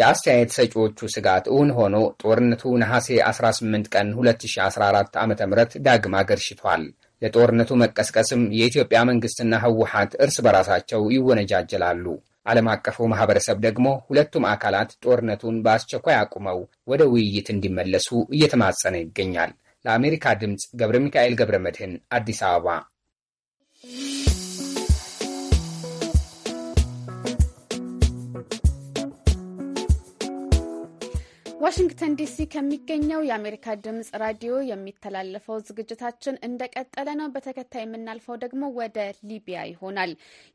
የአስተያየት ሰጪዎቹ ስጋት እውን ሆኖ ጦርነቱ ነሐሴ 18 ቀን 2014 ዓ ም ዳግም አገርሽቷል። ለጦርነቱ መቀስቀስም የኢትዮጵያ መንግስትና ህወሓት እርስ በራሳቸው ይወነጃጀላሉ። ዓለም አቀፉ ማህበረሰብ ደግሞ ሁለቱም አካላት ጦርነቱን በአስቸኳይ አቁመው ወደ ውይይት እንዲመለሱ እየተማጸነ ይገኛል። ለአሜሪካ ድምፅ ገብረ ሚካኤል ገብረ መድህን አዲስ አበባ ዋሽንግተን ዲሲ ከሚገኘው የአሜሪካ ድምፅ ራዲዮ የሚተላለፈው ዝግጅታችን እንደቀጠለ ነው። በተከታይ የምናልፈው ደግሞ ወደ ሊቢያ ይሆናል።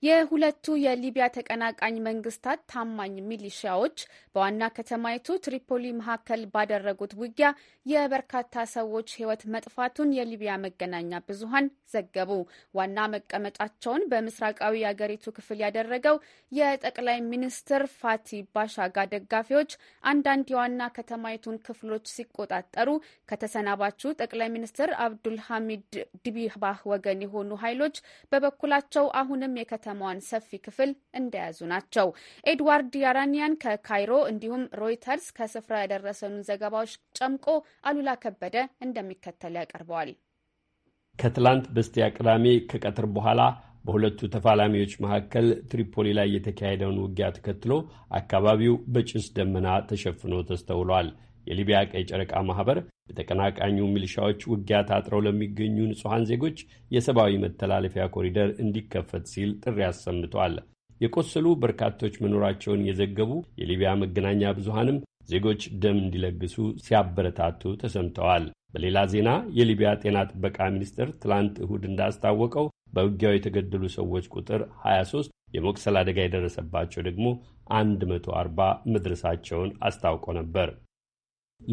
የሁለቱ የሊቢያ ተቀናቃኝ መንግስታት ታማኝ ሚሊሺያዎች በዋና ከተማይቱ ትሪፖሊ መካከል ባደረጉት ውጊያ የበርካታ ሰዎች ሕይወት መጥፋቱን የሊቢያ መገናኛ ብዙኃን ዘገቡ። ዋና መቀመጫቸውን በምስራቃዊ የአገሪቱ ክፍል ያደረገው የጠቅላይ ሚኒስትር ፋቲ ባሻጋ ደጋፊዎች አንዳንድ የዋና ከተማይቱን ክፍሎች ሲቆጣጠሩ ከተሰናባቹ ጠቅላይ ሚኒስትር አብዱልሐሚድ ሐሚድ ወገን የሆኑ ኃይሎች በበኩላቸው አሁንም የከተማዋን ሰፊ ክፍል እንደያዙ ናቸው። ኤድዋርድ ያራኒያን ከካይሮ እንዲሁም ሮይተርስ ከስፍራ ያደረሰኑን ዘገባዎች ጨምቆ አሉላ ከበደ እንደሚከተል ያቀርበዋል። ከትላንት በስቲያ ቅዳሜ ከቀትር በኋላ በሁለቱ ተፋላሚዎች መካከል ትሪፖሊ ላይ የተካሄደውን ውጊያ ተከትሎ አካባቢው በጭስ ደመና ተሸፍኖ ተስተውሏል። የሊቢያ ቀይ ጨረቃ ማህበር በተቀናቃኙ ሚሊሻዎች ውጊያ ታጥረው ለሚገኙ ንጹሐን ዜጎች የሰብአዊ መተላለፊያ ኮሪደር እንዲከፈት ሲል ጥሪ አሰምቷል። የቆሰሉ በርካቶች መኖራቸውን የዘገቡ የሊቢያ መገናኛ ብዙሃንም ዜጎች ደም እንዲለግሱ ሲያበረታቱ ተሰምተዋል። በሌላ ዜና የሊቢያ ጤና ጥበቃ ሚኒስቴር ትላንት እሁድ እንዳስታወቀው በውጊያው የተገደሉ ሰዎች ቁጥር 23 የመቁሰል አደጋ የደረሰባቸው ደግሞ 140 መድረሳቸውን አስታውቆ ነበር።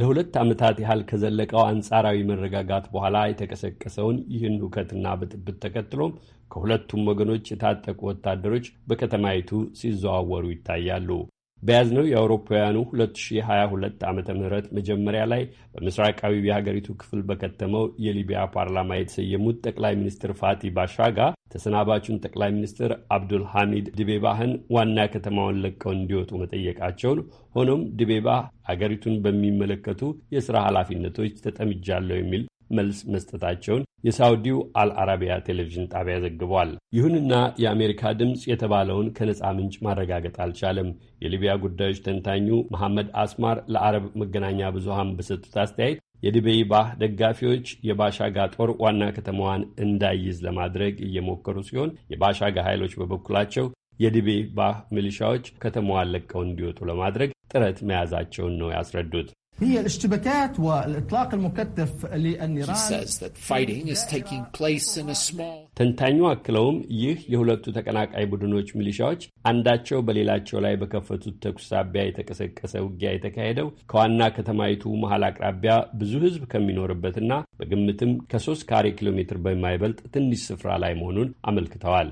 ለሁለት ዓመታት ያህል ከዘለቀው አንጻራዊ መረጋጋት በኋላ የተቀሰቀሰውን ይህን ሁከትና ብጥብጥ ተከትሎም ከሁለቱም ወገኖች የታጠቁ ወታደሮች በከተማይቱ ሲዘዋወሩ ይታያሉ። በያዝነው የአውሮፓውያኑ 2022 ዓ ም መጀመሪያ ላይ በምስራቃዊ የሀገሪቱ ክፍል በከተመው የሊቢያ ፓርላማ የተሰየሙት ጠቅላይ ሚኒስትር ፋቲ ባሻጋ ተሰናባቹን ጠቅላይ ሚኒስትር አብዱልሐሚድ ድቤባህን ዋና ከተማውን ለቀው እንዲወጡ መጠየቃቸውን፣ ሆኖም ድቤባህ አገሪቱን በሚመለከቱ የሥራ ኃላፊነቶች ተጠምጃለሁ የሚል መልስ መስጠታቸውን የሳውዲው አልአራቢያ ቴሌቪዥን ጣቢያ ዘግቧል። ይሁንና የአሜሪካ ድምፅ የተባለውን ከነፃ ምንጭ ማረጋገጥ አልቻለም። የሊቢያ ጉዳዮች ተንታኙ መሐመድ አስማር ለአረብ መገናኛ ብዙሃን በሰጡት አስተያየት የድቤይ ባህ ደጋፊዎች የባሻጋ ጦር ዋና ከተማዋን እንዳይዝ ለማድረግ እየሞከሩ ሲሆን የባሻጋ ኃይሎች በበኩላቸው የድቤይ ባህ ሚሊሻዎች ከተማዋን ለቀው እንዲወጡ ለማድረግ ጥረት መያዛቸውን ነው ያስረዱት። ተንታኙ አክለውም ይህ የሁለቱ ተቀናቃይ ቡድኖች ሚሊሻዎች አንዳቸው በሌላቸው ላይ በከፈቱት ተኩስ ሳቢያ የተቀሰቀሰ ውጊያ የተካሄደው ከዋና ከተማይቱ መሀል አቅራቢያ ብዙ ሕዝብ ከሚኖርበትና በግምትም ከሶስት ካሬ ኪሎ ሜትር በማይበልጥ ትንሽ ስፍራ ላይ መሆኑን አመልክተዋል።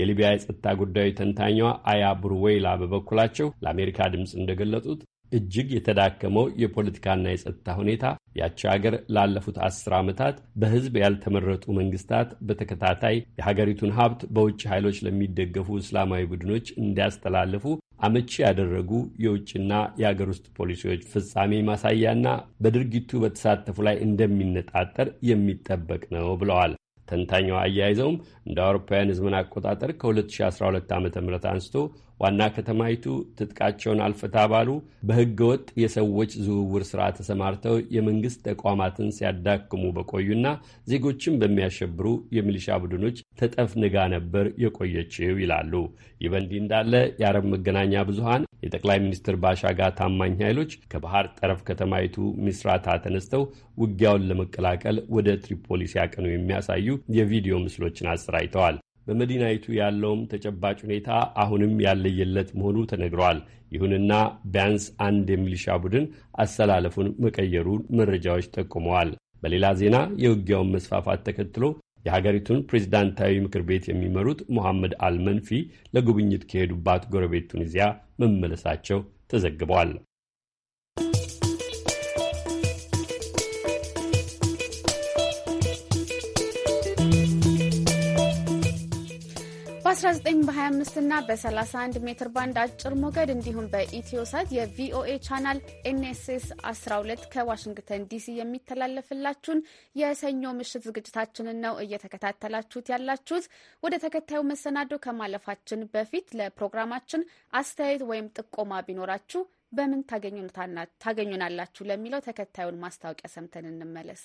የሊቢያ የጸጥታ ጉዳዮች ተንታኟ አያ ቡርዌይላ በበኩላቸው ለአሜሪካ ድምፅ እንደገለጡት እጅግ የተዳከመው የፖለቲካና የጸጥታ ሁኔታ ያቺ ሀገር ላለፉት አስር ዓመታት በሕዝብ ያልተመረጡ መንግስታት በተከታታይ የሀገሪቱን ሀብት በውጭ ኃይሎች ለሚደገፉ እስላማዊ ቡድኖች እንዲያስተላልፉ አመቺ ያደረጉ የውጭና የሀገር ውስጥ ፖሊሲዎች ፍጻሜ ማሳያና በድርጊቱ በተሳተፉ ላይ እንደሚነጣጠር የሚጠበቅ ነው ብለዋል። ተንታኛው አያይዘውም እንደ አውሮፓውያን ዘመን አቆጣጠር ከ2012 ዓ ም አንስቶ ዋና ከተማይቱ ትጥቃቸውን አልፈታ ባሉ በሕገ ወጥ የሰዎች ዝውውር ሥራ ተሰማርተው የመንግሥት ተቋማትን ሲያዳክሙ በቆዩና ዜጎችን በሚያሸብሩ የሚሊሻ ቡድኖች ተጠፍንጋ ነበር የቆየችው ይላሉ። ይህ በእንዲህ እንዳለ የአረብ መገናኛ ብዙሃን የጠቅላይ ሚኒስትር ባሻጋ ታማኝ ኃይሎች ከባህር ጠረፍ ከተማይቱ ሚስራታ ተነስተው ውጊያውን ለመቀላቀል ወደ ትሪፖሊ ሲያቀኑ የሚያሳዩ የቪዲዮ ምስሎችን አሰራጭተዋል። በመዲናይቱ ያለውም ተጨባጭ ሁኔታ አሁንም ያለየለት መሆኑ ተነግረዋል። ይሁንና ቢያንስ አንድ የሚሊሻ ቡድን አሰላለፉን መቀየሩን መረጃዎች ጠቁመዋል። በሌላ ዜና የውጊያውን መስፋፋት ተከትሎ የሀገሪቱን ፕሬዚዳንታዊ ምክር ቤት የሚመሩት ሞሐመድ አልመንፊ ለጉብኝት ከሄዱባት ጎረቤት ቱኒዚያ መመለሳቸው ተዘግበዋል። በ19 በ25 እና በ31 ሜትር ባንድ አጭር ሞገድ እንዲሁም በኢትዮሳት የቪኦኤ ቻናል ኤንኤስኤስ 12 ከዋሽንግተን ዲሲ የሚተላለፍላችሁን የሰኞ ምሽት ዝግጅታችንን ነው እየተከታተላችሁት ያላችሁት። ወደ ተከታዩ መሰናዶ ከማለፋችን በፊት ለፕሮግራማችን አስተያየት ወይም ጥቆማ ቢኖራችሁ በምን ታገኙናላችሁ ለሚለው ተከታዩን ማስታወቂያ ሰምተን እንመለስ።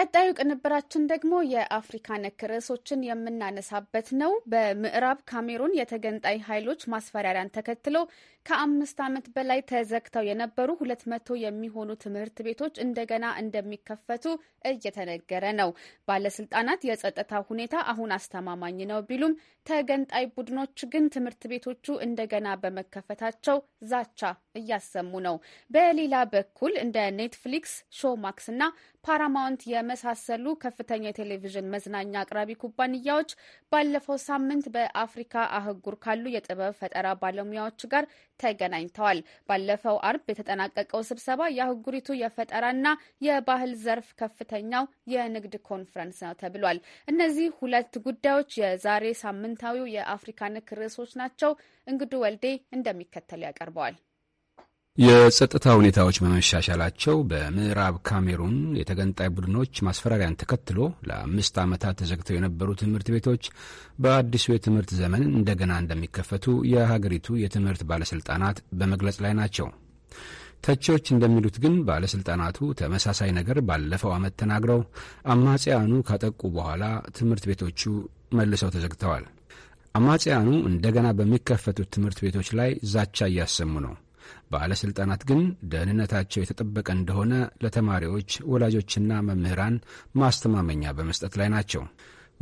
ቀጣዩ ቅንብራችን ደግሞ የአፍሪካ ነክ ርዕሶችን የምናነሳበት ነው። በምዕራብ ካሜሩን የተገንጣይ ኃይሎች ማስፈራሪያን ተከትሎ ከአምስት ዓመት በላይ ተዘግተው የነበሩ ሁለት መቶ የሚሆኑ ትምህርት ቤቶች እንደገና እንደሚከፈቱ እየተነገረ ነው። ባለስልጣናት የጸጥታ ሁኔታ አሁን አስተማማኝ ነው ቢሉም ተገንጣይ ቡድኖች ግን ትምህርት ቤቶቹ እንደገና በመከፈታቸው ዛቻ እያሰሙ ነው። በሌላ በኩል እንደ ኔትፍሊክስ፣ ሾማክስ እና ፓራማውንት የመሳሰሉ ከፍተኛ የቴሌቪዥን መዝናኛ አቅራቢ ኩባንያዎች ባለፈው ሳምንት በአፍሪካ አህጉር ካሉ የጥበብ ፈጠራ ባለሙያዎች ጋር ተገናኝተዋል። ባለፈው አርብ የተጠናቀቀው ስብሰባ የአህጉሪቱ የፈጠራና የባህል ዘርፍ ከፍተኛው የንግድ ኮንፈረንስ ነው ተብሏል። እነዚህ ሁለት ጉዳዮች የዛሬ ሳምንታዊው የአፍሪካ ንክ ርዕሶች ናቸው። እንግዱ ወልዴ እንደሚከተል ያቀርበዋል። የጸጥታ ሁኔታዎች በመሻሻላቸው በምዕራብ ካሜሩን የተገንጣይ ቡድኖች ማስፈራሪያን ተከትሎ ለአምስት ዓመታት ተዘግተው የነበሩ ትምህርት ቤቶች በአዲሱ የትምህርት ዘመን እንደገና እንደሚከፈቱ የሀገሪቱ የትምህርት ባለሥልጣናት በመግለጽ ላይ ናቸው። ተቺዎች እንደሚሉት ግን ባለሥልጣናቱ ተመሳሳይ ነገር ባለፈው ዓመት ተናግረው አማጽያኑ ካጠቁ በኋላ ትምህርት ቤቶቹ መልሰው ተዘግተዋል። አማጽያኑ እንደገና በሚከፈቱት ትምህርት ቤቶች ላይ ዛቻ እያሰሙ ነው። ባለሥልጣናት ግን ደህንነታቸው የተጠበቀ እንደሆነ ለተማሪዎች ወላጆችና መምህራን ማስተማመኛ በመስጠት ላይ ናቸው።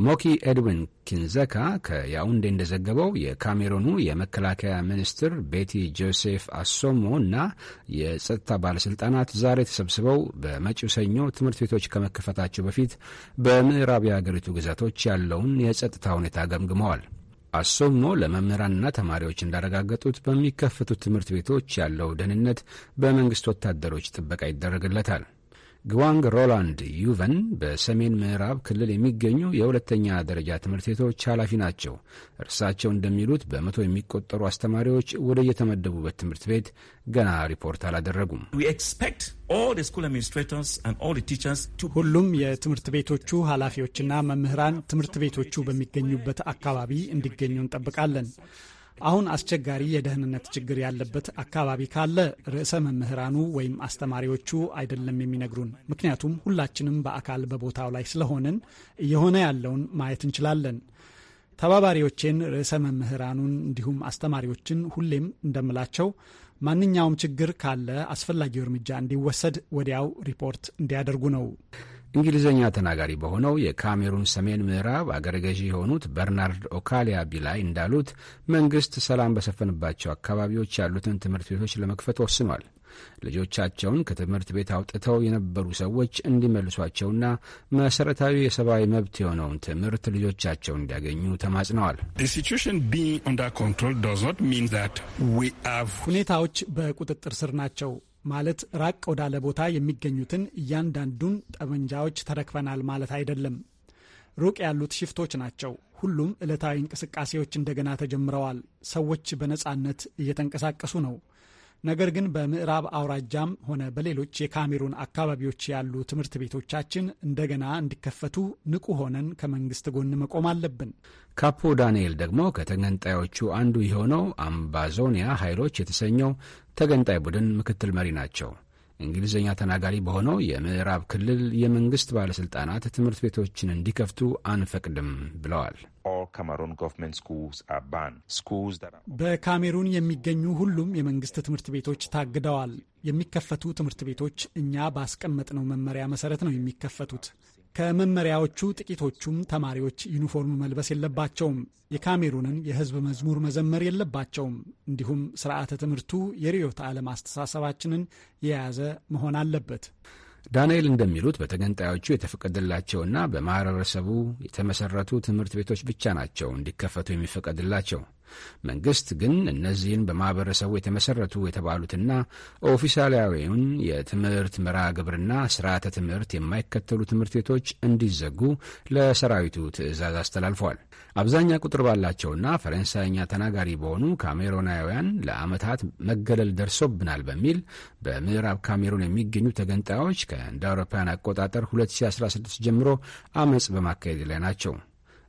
ሞኪ ኤድዊን ኪንዘካ ከያውንዴ እንደዘገበው የካሜሮኑ የመከላከያ ሚኒስትር ቤቲ ጆሴፍ አሶሞ እና የጸጥታ ባለሥልጣናት ዛሬ ተሰብስበው በመጪው ሰኞ ትምህርት ቤቶች ከመከፈታቸው በፊት በምዕራብ የአገሪቱ ግዛቶች ያለውን የጸጥታ ሁኔታ ገምግመዋል። አሶሞ ለመምህራንና ተማሪዎች እንዳረጋገጡት በሚከፈቱት ትምህርት ቤቶች ያለው ደህንነት በመንግስት ወታደሮች ጥበቃ ይደረግለታል። ግዋንግ ሮላንድ ዩቨን በሰሜን ምዕራብ ክልል የሚገኙ የሁለተኛ ደረጃ ትምህርት ቤቶች ኃላፊ ናቸው። እርሳቸው እንደሚሉት በመቶ የሚቆጠሩ አስተማሪዎች ወደ የተመደቡበት ትምህርት ቤት ገና ሪፖርት አላደረጉም። ሁሉም የትምህርት ቤቶቹ ኃላፊዎችና መምህራን ትምህርት ቤቶቹ በሚገኙበት አካባቢ እንዲገኙ እንጠብቃለን። አሁን አስቸጋሪ የደህንነት ችግር ያለበት አካባቢ ካለ ርዕሰ መምህራኑ ወይም አስተማሪዎቹ አይደለም የሚነግሩን። ምክንያቱም ሁላችንም በአካል በቦታው ላይ ስለሆንን እየሆነ ያለውን ማየት እንችላለን። ተባባሪዎቼን ርዕሰ መምህራኑን እንዲሁም አስተማሪዎችን ሁሌም እንደምላቸው ማንኛውም ችግር ካለ አስፈላጊው እርምጃ እንዲወሰድ ወዲያው ሪፖርት እንዲያደርጉ ነው። እንግሊዝኛ ተናጋሪ በሆነው የካሜሩን ሰሜን ምዕራብ አገረ ገዢ የሆኑት በርናርድ ኦካሊያ ቢላይ እንዳሉት መንግስት ሰላም በሰፈንባቸው አካባቢዎች ያሉትን ትምህርት ቤቶች ለመክፈት ወስኗል። ልጆቻቸውን ከትምህርት ቤት አውጥተው የነበሩ ሰዎች እንዲመልሷቸውና መሰረታዊ የሰብአዊ መብት የሆነውን ትምህርት ልጆቻቸው እንዲያገኙ ተማጽነዋል። ሁኔታዎች በቁጥጥር ስር ናቸው ማለት ራቅ ወዳለ ቦታ የሚገኙትን እያንዳንዱን ጠመንጃዎች ተረክበናል ማለት አይደለም። ሩቅ ያሉት ሽፍቶች ናቸው። ሁሉም ዕለታዊ እንቅስቃሴዎች እንደገና ተጀምረዋል። ሰዎች በነጻነት እየተንቀሳቀሱ ነው። ነገር ግን በምዕራብ አውራጃም ሆነ በሌሎች የካሜሩን አካባቢዎች ያሉ ትምህርት ቤቶቻችን እንደገና እንዲከፈቱ ንቁ ሆነን ከመንግስት ጎን መቆም አለብን። ካፖ ዳንኤል ደግሞ ከተገንጣዮቹ አንዱ የሆነው አምባዞኒያ ኃይሎች የተሰኘው ተገንጣይ ቡድን ምክትል መሪ ናቸው። እንግሊዝኛ ተናጋሪ በሆነው የምዕራብ ክልል የመንግስት ባለሥልጣናት ትምህርት ቤቶችን እንዲከፍቱ አንፈቅድም ብለዋል። በካሜሩን የሚገኙ ሁሉም የመንግስት ትምህርት ቤቶች ታግደዋል። የሚከፈቱ ትምህርት ቤቶች እኛ ባስቀመጥነው መመሪያ መሰረት ነው የሚከፈቱት። ከመመሪያዎቹ ጥቂቶቹም ተማሪዎች ዩኒፎርም መልበስ የለባቸውም፣ የካሜሩንን የሕዝብ መዝሙር መዘመር የለባቸውም። እንዲሁም ስርዓተ ትምህርቱ የርዕዮተ ዓለም አስተሳሰባችንን የያዘ መሆን አለበት። ዳንኤል እንደሚሉት በተገንጣዮቹ የተፈቀደላቸውና በማህበረሰቡ የተመሰረቱ ትምህርት ቤቶች ብቻ ናቸው እንዲከፈቱ የሚፈቀድላቸው። መንግስት ግን እነዚህን በማኅበረሰቡ የተመሠረቱ የተባሉትና ኦፊሳላዊውን የትምህርት መርሃ ግብርና ሥርዓተ ትምህርት የማይከተሉ ትምህርት ቤቶች እንዲዘጉ ለሰራዊቱ ትዕዛዝ አስተላልፏል። አብዛኛ ቁጥር ባላቸውና ፈረንሳይኛ ተናጋሪ በሆኑ ካሜሮናውያን ለዓመታት መገለል ደርሶብናል በሚል በምዕራብ ካሜሩን የሚገኙ ተገንጣዮች ከእንደ አውሮፓውያን አቆጣጠር 2016 ጀምሮ አመፅ በማካሄድ ላይ ናቸው።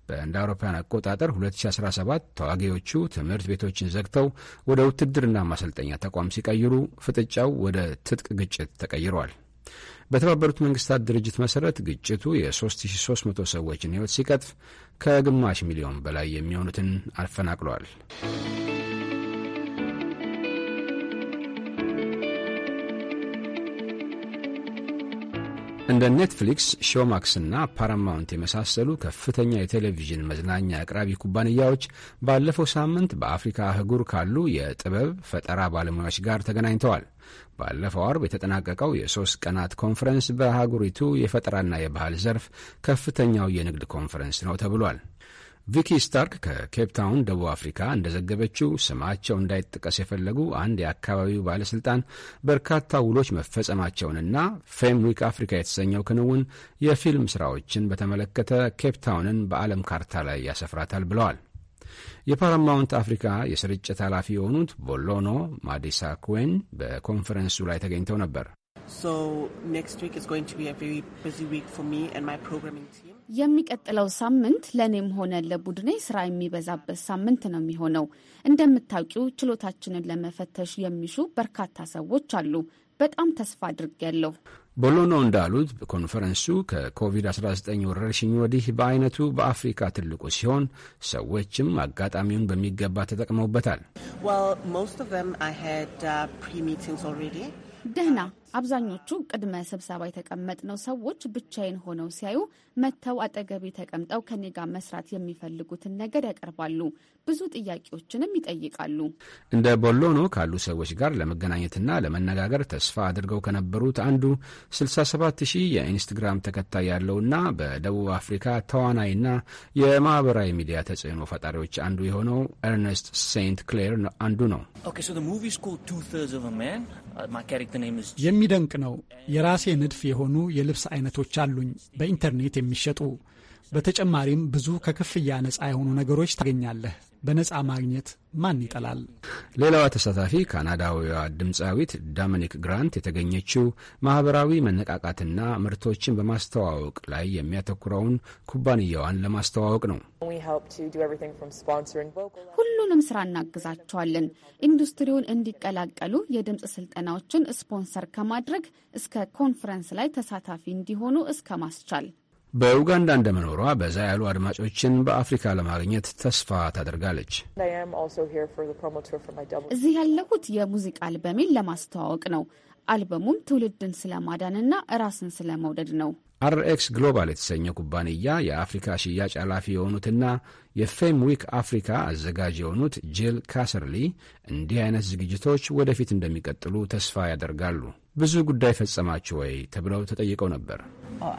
በእንደ አውሮፓውያን አቆጣጠር 2017 ተዋጊዎቹ ትምህርት ቤቶችን ዘግተው ወደ ውትድርና ማሰልጠኛ ተቋም ሲቀይሩ ፍጥጫው ወደ ትጥቅ ግጭት ተቀይሯል። በተባበሩት መንግስታት ድርጅት መሠረት ግጭቱ የ3300 ሰዎችን ሕይወት ሲቀጥፍ ከግማሽ ሚሊዮን በላይ የሚሆኑትን አፈናቅሏል። እንደ ኔትፍሊክስ፣ ሾማክስና ፓራማውንት የመሳሰሉ ከፍተኛ የቴሌቪዥን መዝናኛ አቅራቢ ኩባንያዎች ባለፈው ሳምንት በአፍሪካ አህጉር ካሉ የጥበብ ፈጠራ ባለሙያዎች ጋር ተገናኝተዋል። ባለፈው አርብ የተጠናቀቀው የሶስት ቀናት ኮንፈረንስ በአህጉሪቱ የፈጠራና የባህል ዘርፍ ከፍተኛው የንግድ ኮንፈረንስ ነው ተብሏል። ቪኪ ስታርክ ከኬፕታውን ደቡብ አፍሪካ እንደዘገበችው ስማቸው እንዳይጠቀስ የፈለጉ አንድ የአካባቢው ባለሥልጣን በርካታ ውሎች መፈጸማቸውንና ፌም ዊክ አፍሪካ የተሰኘው ክንውን የፊልም ሥራዎችን በተመለከተ ኬፕታውንን በዓለም ካርታ ላይ ያሰፍራታል ብለዋል። የፓራማውንት አፍሪካ የስርጭት ኃላፊ የሆኑት ቦሎኖ ማዲሳ ኩዌን በኮንፈረንሱ ላይ ተገኝተው ነበር። So next week is going to be a very busy week for me and my programming team. የሚቀጥለው ሳምንት ለእኔም ሆነ ለቡድኔ ስራ የሚበዛበት ሳምንት ነው የሚሆነው። እንደምታውቂው ችሎታችንን ለመፈተሽ የሚሹ በርካታ ሰዎች አሉ። በጣም ተስፋ አድርጌያለሁ። ቦሎኖ እንዳሉት ኮንፈረንሱ ከኮቪድ-19 ወረርሽኝ ወዲህ በአይነቱ በአፍሪካ ትልቁ ሲሆን ሰዎችም አጋጣሚውን በሚገባ ተጠቅመውበታል። uh, ደህና አብዛኞቹ ቅድመ ስብሰባ የተቀመጥነው ሰዎች ብቻዬን ሆነው ሲያዩ መጥተው አጠገቤ ተቀምጠው ከኔ ጋር መስራት የሚፈልጉትን ነገር ያቀርባሉ። ብዙ ጥያቄዎችንም ይጠይቃሉ። እንደ ቦሎኖ ካሉ ሰዎች ጋር ለመገናኘትና ለመነጋገር ተስፋ አድርገው ከነበሩት አንዱ 67 ሺህ የኢንስትግራም ተከታይ ያለውና በደቡብ አፍሪካ ተዋናይና የማህበራዊ ሚዲያ ተጽዕኖ ፈጣሪዎች አንዱ የሆነው ኤርነስት ሴንት ክሌር አንዱ ነው። uh, የሚደንቅ ነው። የራሴ ንድፍ የሆኑ የልብስ አይነቶች አሉኝ በኢንተርኔት የሚሸጡ በተጨማሪም ብዙ ከክፍያ ነፃ የሆኑ ነገሮች ታገኛለህ። በነፃ ማግኘት ማን ይጠላል? ሌላዋ ተሳታፊ ካናዳዊዋ ድምፃዊት ዶሚኒክ ግራንት የተገኘችው ማህበራዊ መነቃቃትና ምርቶችን በማስተዋወቅ ላይ የሚያተኩረውን ኩባንያዋን ለማስተዋወቅ ነው። ሁሉንም ስራ እናግዛቸዋለን። ኢንዱስትሪውን እንዲቀላቀሉ የድምፅ ስልጠናዎችን ስፖንሰር ከማድረግ እስከ ኮንፈረንስ ላይ ተሳታፊ እንዲሆኑ እስከ ማስቻል በኡጋንዳ እንደመኖሯ በዛ ያሉ አድማጮችን በአፍሪካ ለማግኘት ተስፋ ታደርጋለች። እዚህ ያለሁት የሙዚቃ አልበሜን ለማስተዋወቅ ነው። አልበሙም ትውልድን ስለማዳንና ራስን ስለመውደድ ነው። አርኤክስ ግሎባል የተሰኘው ኩባንያ የአፍሪካ ሽያጭ ኃላፊ የሆኑትና የፌም ዊክ አፍሪካ አዘጋጅ የሆኑት ጄል ካሰርሊ እንዲህ አይነት ዝግጅቶች ወደፊት እንደሚቀጥሉ ተስፋ ያደርጋሉ። ብዙ ጉዳይ ፈጸማችሁ ወይ ተብለው ተጠይቀው ነበር። oh,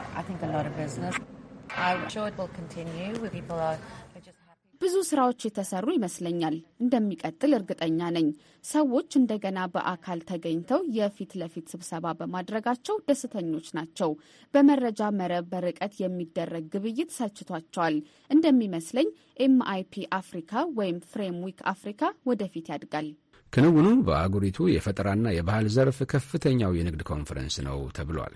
ብዙ ስራዎች የተሰሩ ይመስለኛል። እንደሚቀጥል እርግጠኛ ነኝ። ሰዎች እንደገና በአካል ተገኝተው የፊት ለፊት ስብሰባ በማድረጋቸው ደስተኞች ናቸው። በመረጃ መረብ በርቀት የሚደረግ ግብይት ሰችቷቸዋል። እንደሚመስለኝ ኤምአይፒ አፍሪካ ወይም ፍሬምዊክ አፍሪካ ወደፊት ያድጋል። ክንውኑ በአጉሪቱ የፈጠራና የባህል ዘርፍ ከፍተኛው የንግድ ኮንፈረንስ ነው ተብሏል።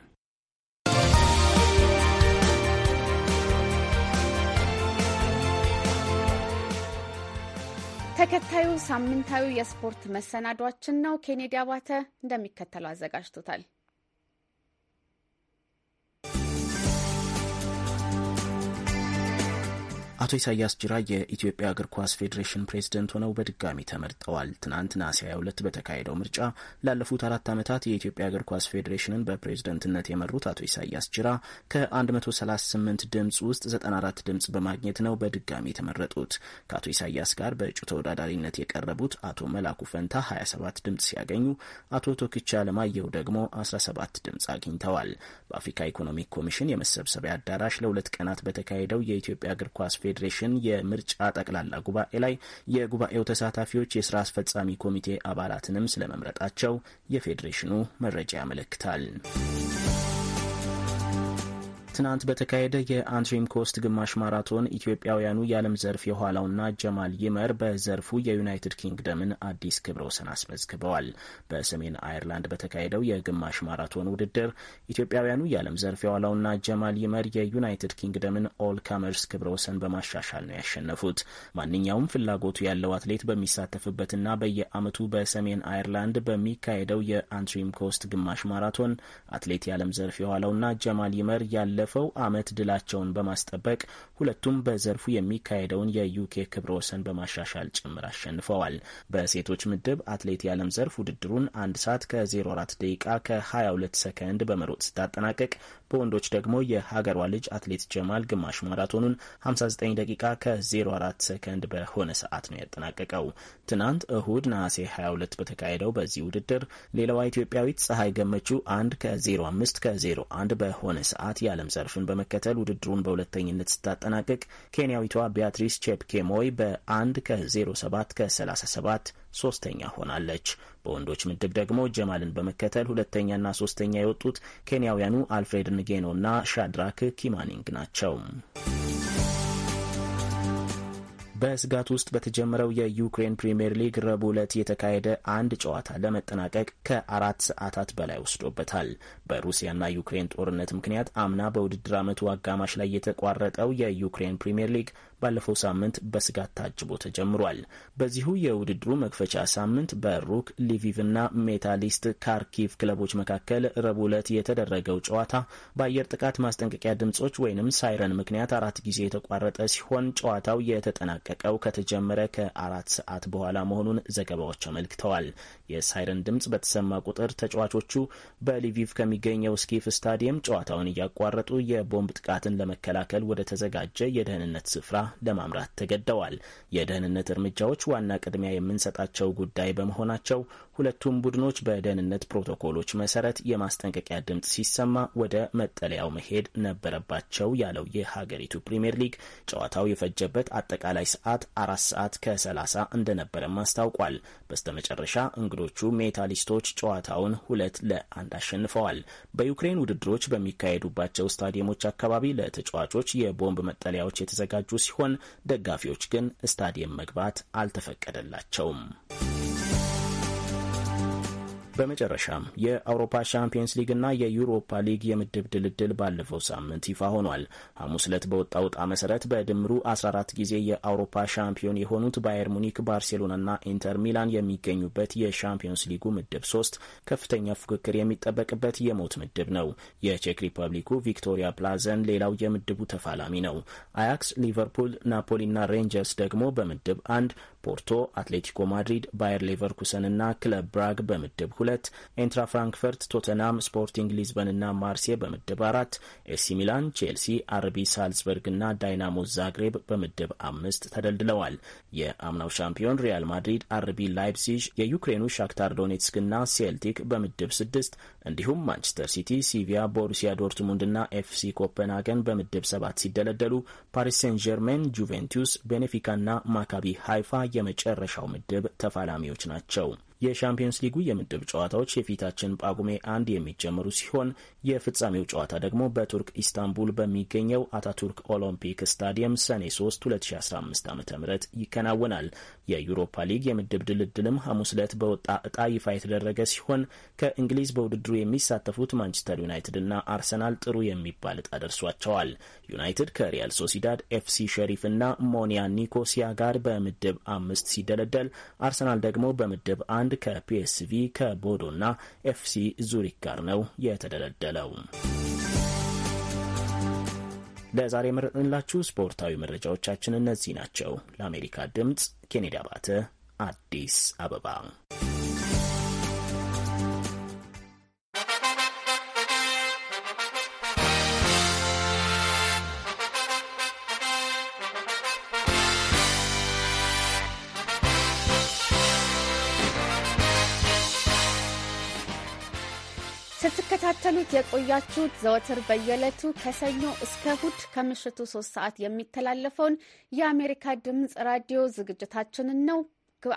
ተከታዩ ሳምንታዊ የስፖርት መሰናዷችን ነው። ኬኔዲ አባተ እንደሚከተለው አዘጋጅቶታል። አቶ ኢሳያስ ጅራ የኢትዮጵያ እግር ኳስ ፌዴሬሽን ፕሬዝደንት ሆነው በድጋሚ ተመርጠዋል። ትናንት ነሐሴ 22 በተካሄደው ምርጫ ላለፉት አራት ዓመታት የኢትዮጵያ እግር ኳስ ፌዴሬሽንን በፕሬዝደንትነት የመሩት አቶ ኢሳያስ ጅራ ከ138 ድምፅ ውስጥ 94 ድምፅ በማግኘት ነው በድጋሚ የተመረጡት። ከአቶ ኢሳያስ ጋር በእጩ ተወዳዳሪነት የቀረቡት አቶ መላኩ ፈንታ 27 ድምፅ ሲያገኙ አቶ ቶክቻ አለማየሁ ደግሞ 17 ድምፅ አግኝተዋል። በአፍሪካ ኢኮኖሚክ ኮሚሽን የመሰብሰቢያ አዳራሽ ለሁለት ቀናት በተካሄደው የኢትዮጵያ እግር ኳስ ፌዴሬሽን የምርጫ ጠቅላላ ጉባኤ ላይ የጉባኤው ተሳታፊዎች የስራ አስፈጻሚ ኮሚቴ አባላትንም ስለመምረጣቸው የፌዴሬሽኑ መረጃ ያመለክታል። ትናንት በተካሄደ የአንትሪም ኮስት ግማሽ ማራቶን ኢትዮጵያውያኑ የዓለም ዘርፍ የኋላውና ጀማል ይመር በዘርፉ የዩናይትድ ኪንግደምን አዲስ ክብረ ወሰን አስመዝግበዋል። በሰሜን አየርላንድ በተካሄደው የግማሽ ማራቶን ውድድር ኢትዮጵያውያኑ የዓለም ዘርፍ የኋላውና ጀማል ይመር የዩናይትድ ኪንግደምን ኦል ካመርስ ክብረ ወሰን በማሻሻል ነው ያሸነፉት። ማንኛውም ፍላጎቱ ያለው አትሌት በሚሳተፍበትና በየዓመቱ በሰሜን አየርላንድ በሚካሄደው የአንትሪም ኮስት ግማሽ ማራቶን አትሌት የዓለም ዘርፍ የኋላውና ጀማል ይመር ያለ ባለፈው ዓመት ድላቸውን በማስጠበቅ ሁለቱም በዘርፉ የሚካሄደውን የዩኬ ክብረ ወሰን በማሻሻል ጭምር አሸንፈዋል። በሴቶች ምድብ አትሌት የዓለም ዘርፍ ውድድሩን አንድ ሰዓት ከ04 ደቂቃ ከ22 ሰከንድ በመሮጥ ስታጠናቀቅ በወንዶች ደግሞ የሀገሯ ልጅ አትሌት ጀማል ግማሽ ማራቶኑን 59 ደቂቃ ከ04 ሰከንድ በሆነ ሰዓት ነው ያጠናቀቀው። ትናንት እሁድ ነሐሴ 22 በተካሄደው በዚህ ውድድር ሌላዋ ኢትዮጵያዊት ፀሐይ ገመቹ አንድ ከ05 ከ01 በሆነ ሰዓት የዓለም ዘርፍን በመከተል ውድድሩን በሁለተኝነት ስታጠናቅቅ ኬንያዊቷ ቢያትሪስ ቼፕኬሞይ በአንድ ከ07 ከ37 ሶስተኛ ሆናለች። በወንዶች ምድብ ደግሞ ጀማልን በመከተል ሁለተኛና ሶስተኛ የወጡት ኬንያውያኑ አልፍሬድ ንጌኖ ሻድራክ ኪማኒንግ ናቸው። በስጋት ውስጥ በተጀመረው የዩክሬን ፕሪምየር ሊግ ረቡዕ ዕለት የተካሄደ አንድ ጨዋታ ለመጠናቀቅ ከአራት ሰዓታት በላይ ወስዶበታል። በሩሲያና ዩክሬን ጦርነት ምክንያት አምና በውድድር ዓመቱ አጋማሽ ላይ የተቋረጠው የዩክሬን ፕሪምየር ሊግ ባለፈው ሳምንት በስጋት ታጅቦ ተጀምሯል። በዚሁ የውድድሩ መክፈቻ ሳምንት በሩክ ሊቪቭ ሜታሊስት ካርኪቭ ክለቦች መካከል ረቡዕ ዕለት የተደረገው ጨዋታ በአየር ጥቃት ማስጠንቀቂያ ድምጾች ወይንም ሳይረን ምክንያት አራት ጊዜ የተቋረጠ ሲሆን ጨዋታው የተጠናቀቀው ከተጀመረ ከአራት ሰዓት በኋላ መሆኑን ዘገባዎች አመልክተዋል። የሳይረን ድምፅ በተሰማ ቁጥር ተጫዋቾቹ በሊቪቭ ከሚገኘው ስኪፍ ስታዲየም ጨዋታውን እያቋረጡ የቦምብ ጥቃትን ለመከላከል ወደ ተዘጋጀ የደህንነት ስፍራ ለማምራት ተገደዋል። የደህንነት እርምጃዎች ዋና ቅድሚያ የምንሰጣቸው ጉዳይ በመሆናቸው ሁለቱም ቡድኖች በደህንነት ፕሮቶኮሎች መሰረት የማስጠንቀቂያ ድምፅ ሲሰማ ወደ መጠለያው መሄድ ነበረባቸው ያለው የሀገሪቱ ፕሪምየር ሊግ ጨዋታው የፈጀበት አጠቃላይ ሰዓት አራት ሰዓት ከሰላሳ እንደነበረም አስታውቋል። በስተመጨረሻ እንግዶቹ ሜታሊስቶች ጨዋታውን ሁለት ለአንድ አሸንፈዋል። በዩክሬን ውድድሮች በሚካሄዱባቸው ስታዲየሞች አካባቢ ለተጫዋቾች የቦምብ መጠለያዎች የተዘጋጁ ሲሆን ደጋፊዎች ግን ስታዲየም መግባት አልተፈቀደላቸውም። በመጨረሻም የአውሮፓ ሻምፒየንስ ሊግና የዩሮፓ ሊግ የምድብ ድልድል ባለፈው ሳምንት ይፋ ሆኗል። ሐሙስ ዕለት በወጣ ውጣ መሰረት በድምሩ 14 ጊዜ የአውሮፓ ሻምፒዮን የሆኑት ባየር ሙኒክ፣ ባርሴሎናና ኢንተር ሚላን የሚገኙበት የሻምፒየንስ ሊጉ ምድብ ሶስት ከፍተኛ ፉክክር የሚጠበቅበት የሞት ምድብ ነው። የቼክ ሪፐብሊኩ ቪክቶሪያ ፕላዘን ሌላው የምድቡ ተፋላሚ ነው። አያክስ፣ ሊቨርፑል፣ ናፖሊና ሬንጀርስ ደግሞ በምድብ አንድ፣ ፖርቶ፣ አትሌቲኮ ማድሪድ፣ ባየር ሌቨርኩሰንና ክለብ ብራግ በምድብ ሁለት ሁለት፣ ኤንትራ ፍራንክፈርት፣ ቶተናም፣ ስፖርቲንግ ና ማርሴ በምድብ አራት፣ ኤሲ ሚላን፣ ቼልሲ፣ አርቢ ና ዳይናሞ ዛግሬብ በምድብ አምስት ተደልድለዋል። የአምናው ሻምፒዮን ሪያል ማድሪድ፣ አርቢ ላይፕሲጅ፣ የዩክሬኑ ሻክታር ና ሴልቲክ በምድብ ስድስት እንዲሁም ማንቸስተር ሲቲ፣ ሲቪያ፣ ቦሩሲያ ዶርትሙንድ ና ኤፍሲ ኮፐንሃገን በምድብ ሰባት ሲደለደሉ ፓሪስ ሴን ጀርሜን፣ ጁቬንቱስ፣ ና ማካቢ ሀይፋ የመጨረሻው ምድብ ተፋላሚዎች ናቸው። የሻምፒየንስ ሊጉ የምድብ ጨዋታዎች የፊታችን ጳጉሜ አንድ የሚጀምሩ ሲሆን የፍጻሜው ጨዋታ ደግሞ በቱርክ ኢስታንቡል በሚገኘው አታቱርክ ኦሎምፒክ ስታዲየም ሰኔ 3 2015 ዓ ም ይከናወናል። የዩሮፓ ሊግ የምድብ ድልድልም ሐሙስ ዕለት በወጣ ዕጣ ይፋ የተደረገ ሲሆን ከእንግሊዝ በውድድሩ የሚሳተፉት ማንቸስተር ዩናይትድ እና አርሰናል ጥሩ የሚባል እጣ ደርሷቸዋል። ዩናይትድ ከሪያል ሶሲዳድ፣ ኤፍሲ ሸሪፍ እና ሞኒያ ኒኮሲያ ጋር በምድብ አምስት ሲደለደል አርሰናል ደግሞ በምድብ አንድ ፖላንድ ከፒኤስቪ ከቦዶና ኤፍሲ ዙሪክ ጋር ነው የተደለደለው። ለዛሬ የመረጥንላችሁ ስፖርታዊ መረጃዎቻችን እነዚህ ናቸው። ለአሜሪካ ድምፅ ኬኔዲ አባተ አዲስ አበባ የቆያችሁት ዘወትር በየዕለቱ ከሰኞ እስከ እሁድ ከምሽቱ ሶስት ሰዓት የሚተላለፈውን የአሜሪካ ድምፅ ራዲዮ ዝግጅታችንን ነው።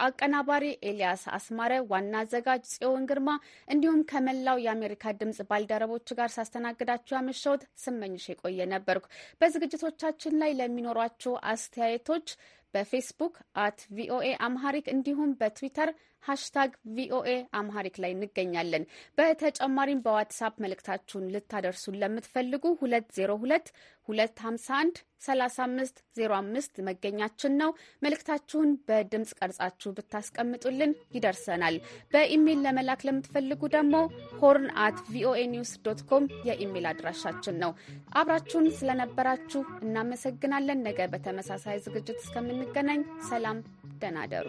አቀናባሪ ኤልያስ አስማረ፣ ዋና አዘጋጅ ጽዮን ግርማ እንዲሁም ከመላው የአሜሪካ ድምፅ ባልደረቦች ጋር ሳስተናግዳችሁ ያመሸሁት ስመኝሽ የቆየ ነበርኩ። በዝግጅቶቻችን ላይ ለሚኖሯችሁ አስተያየቶች በፌስቡክ አት ቪኦኤ አምሃሪክ እንዲሁም በትዊተር ሀሽታግ ቪኦኤ አምሃሪክ ላይ እንገኛለን። በተጨማሪም በዋትሳፕ መልእክታችሁን ልታደርሱን ለምትፈልጉ 202 251 3505 መገኛችን ነው። መልእክታችሁን በድምፅ ቀርጻችሁ ብታስቀምጡልን ይደርሰናል። በኢሜይል ለመላክ ለምትፈልጉ ደግሞ ሆርን አት ቪኦኤ ኒውስ ዶት ኮም የኢሜይል አድራሻችን ነው። አብራችሁን ስለነበራችሁ እናመሰግናለን። ነገ በተመሳሳይ ዝግጅት እስከምንገናኝ ሰላም፣ ደህና ደሩ።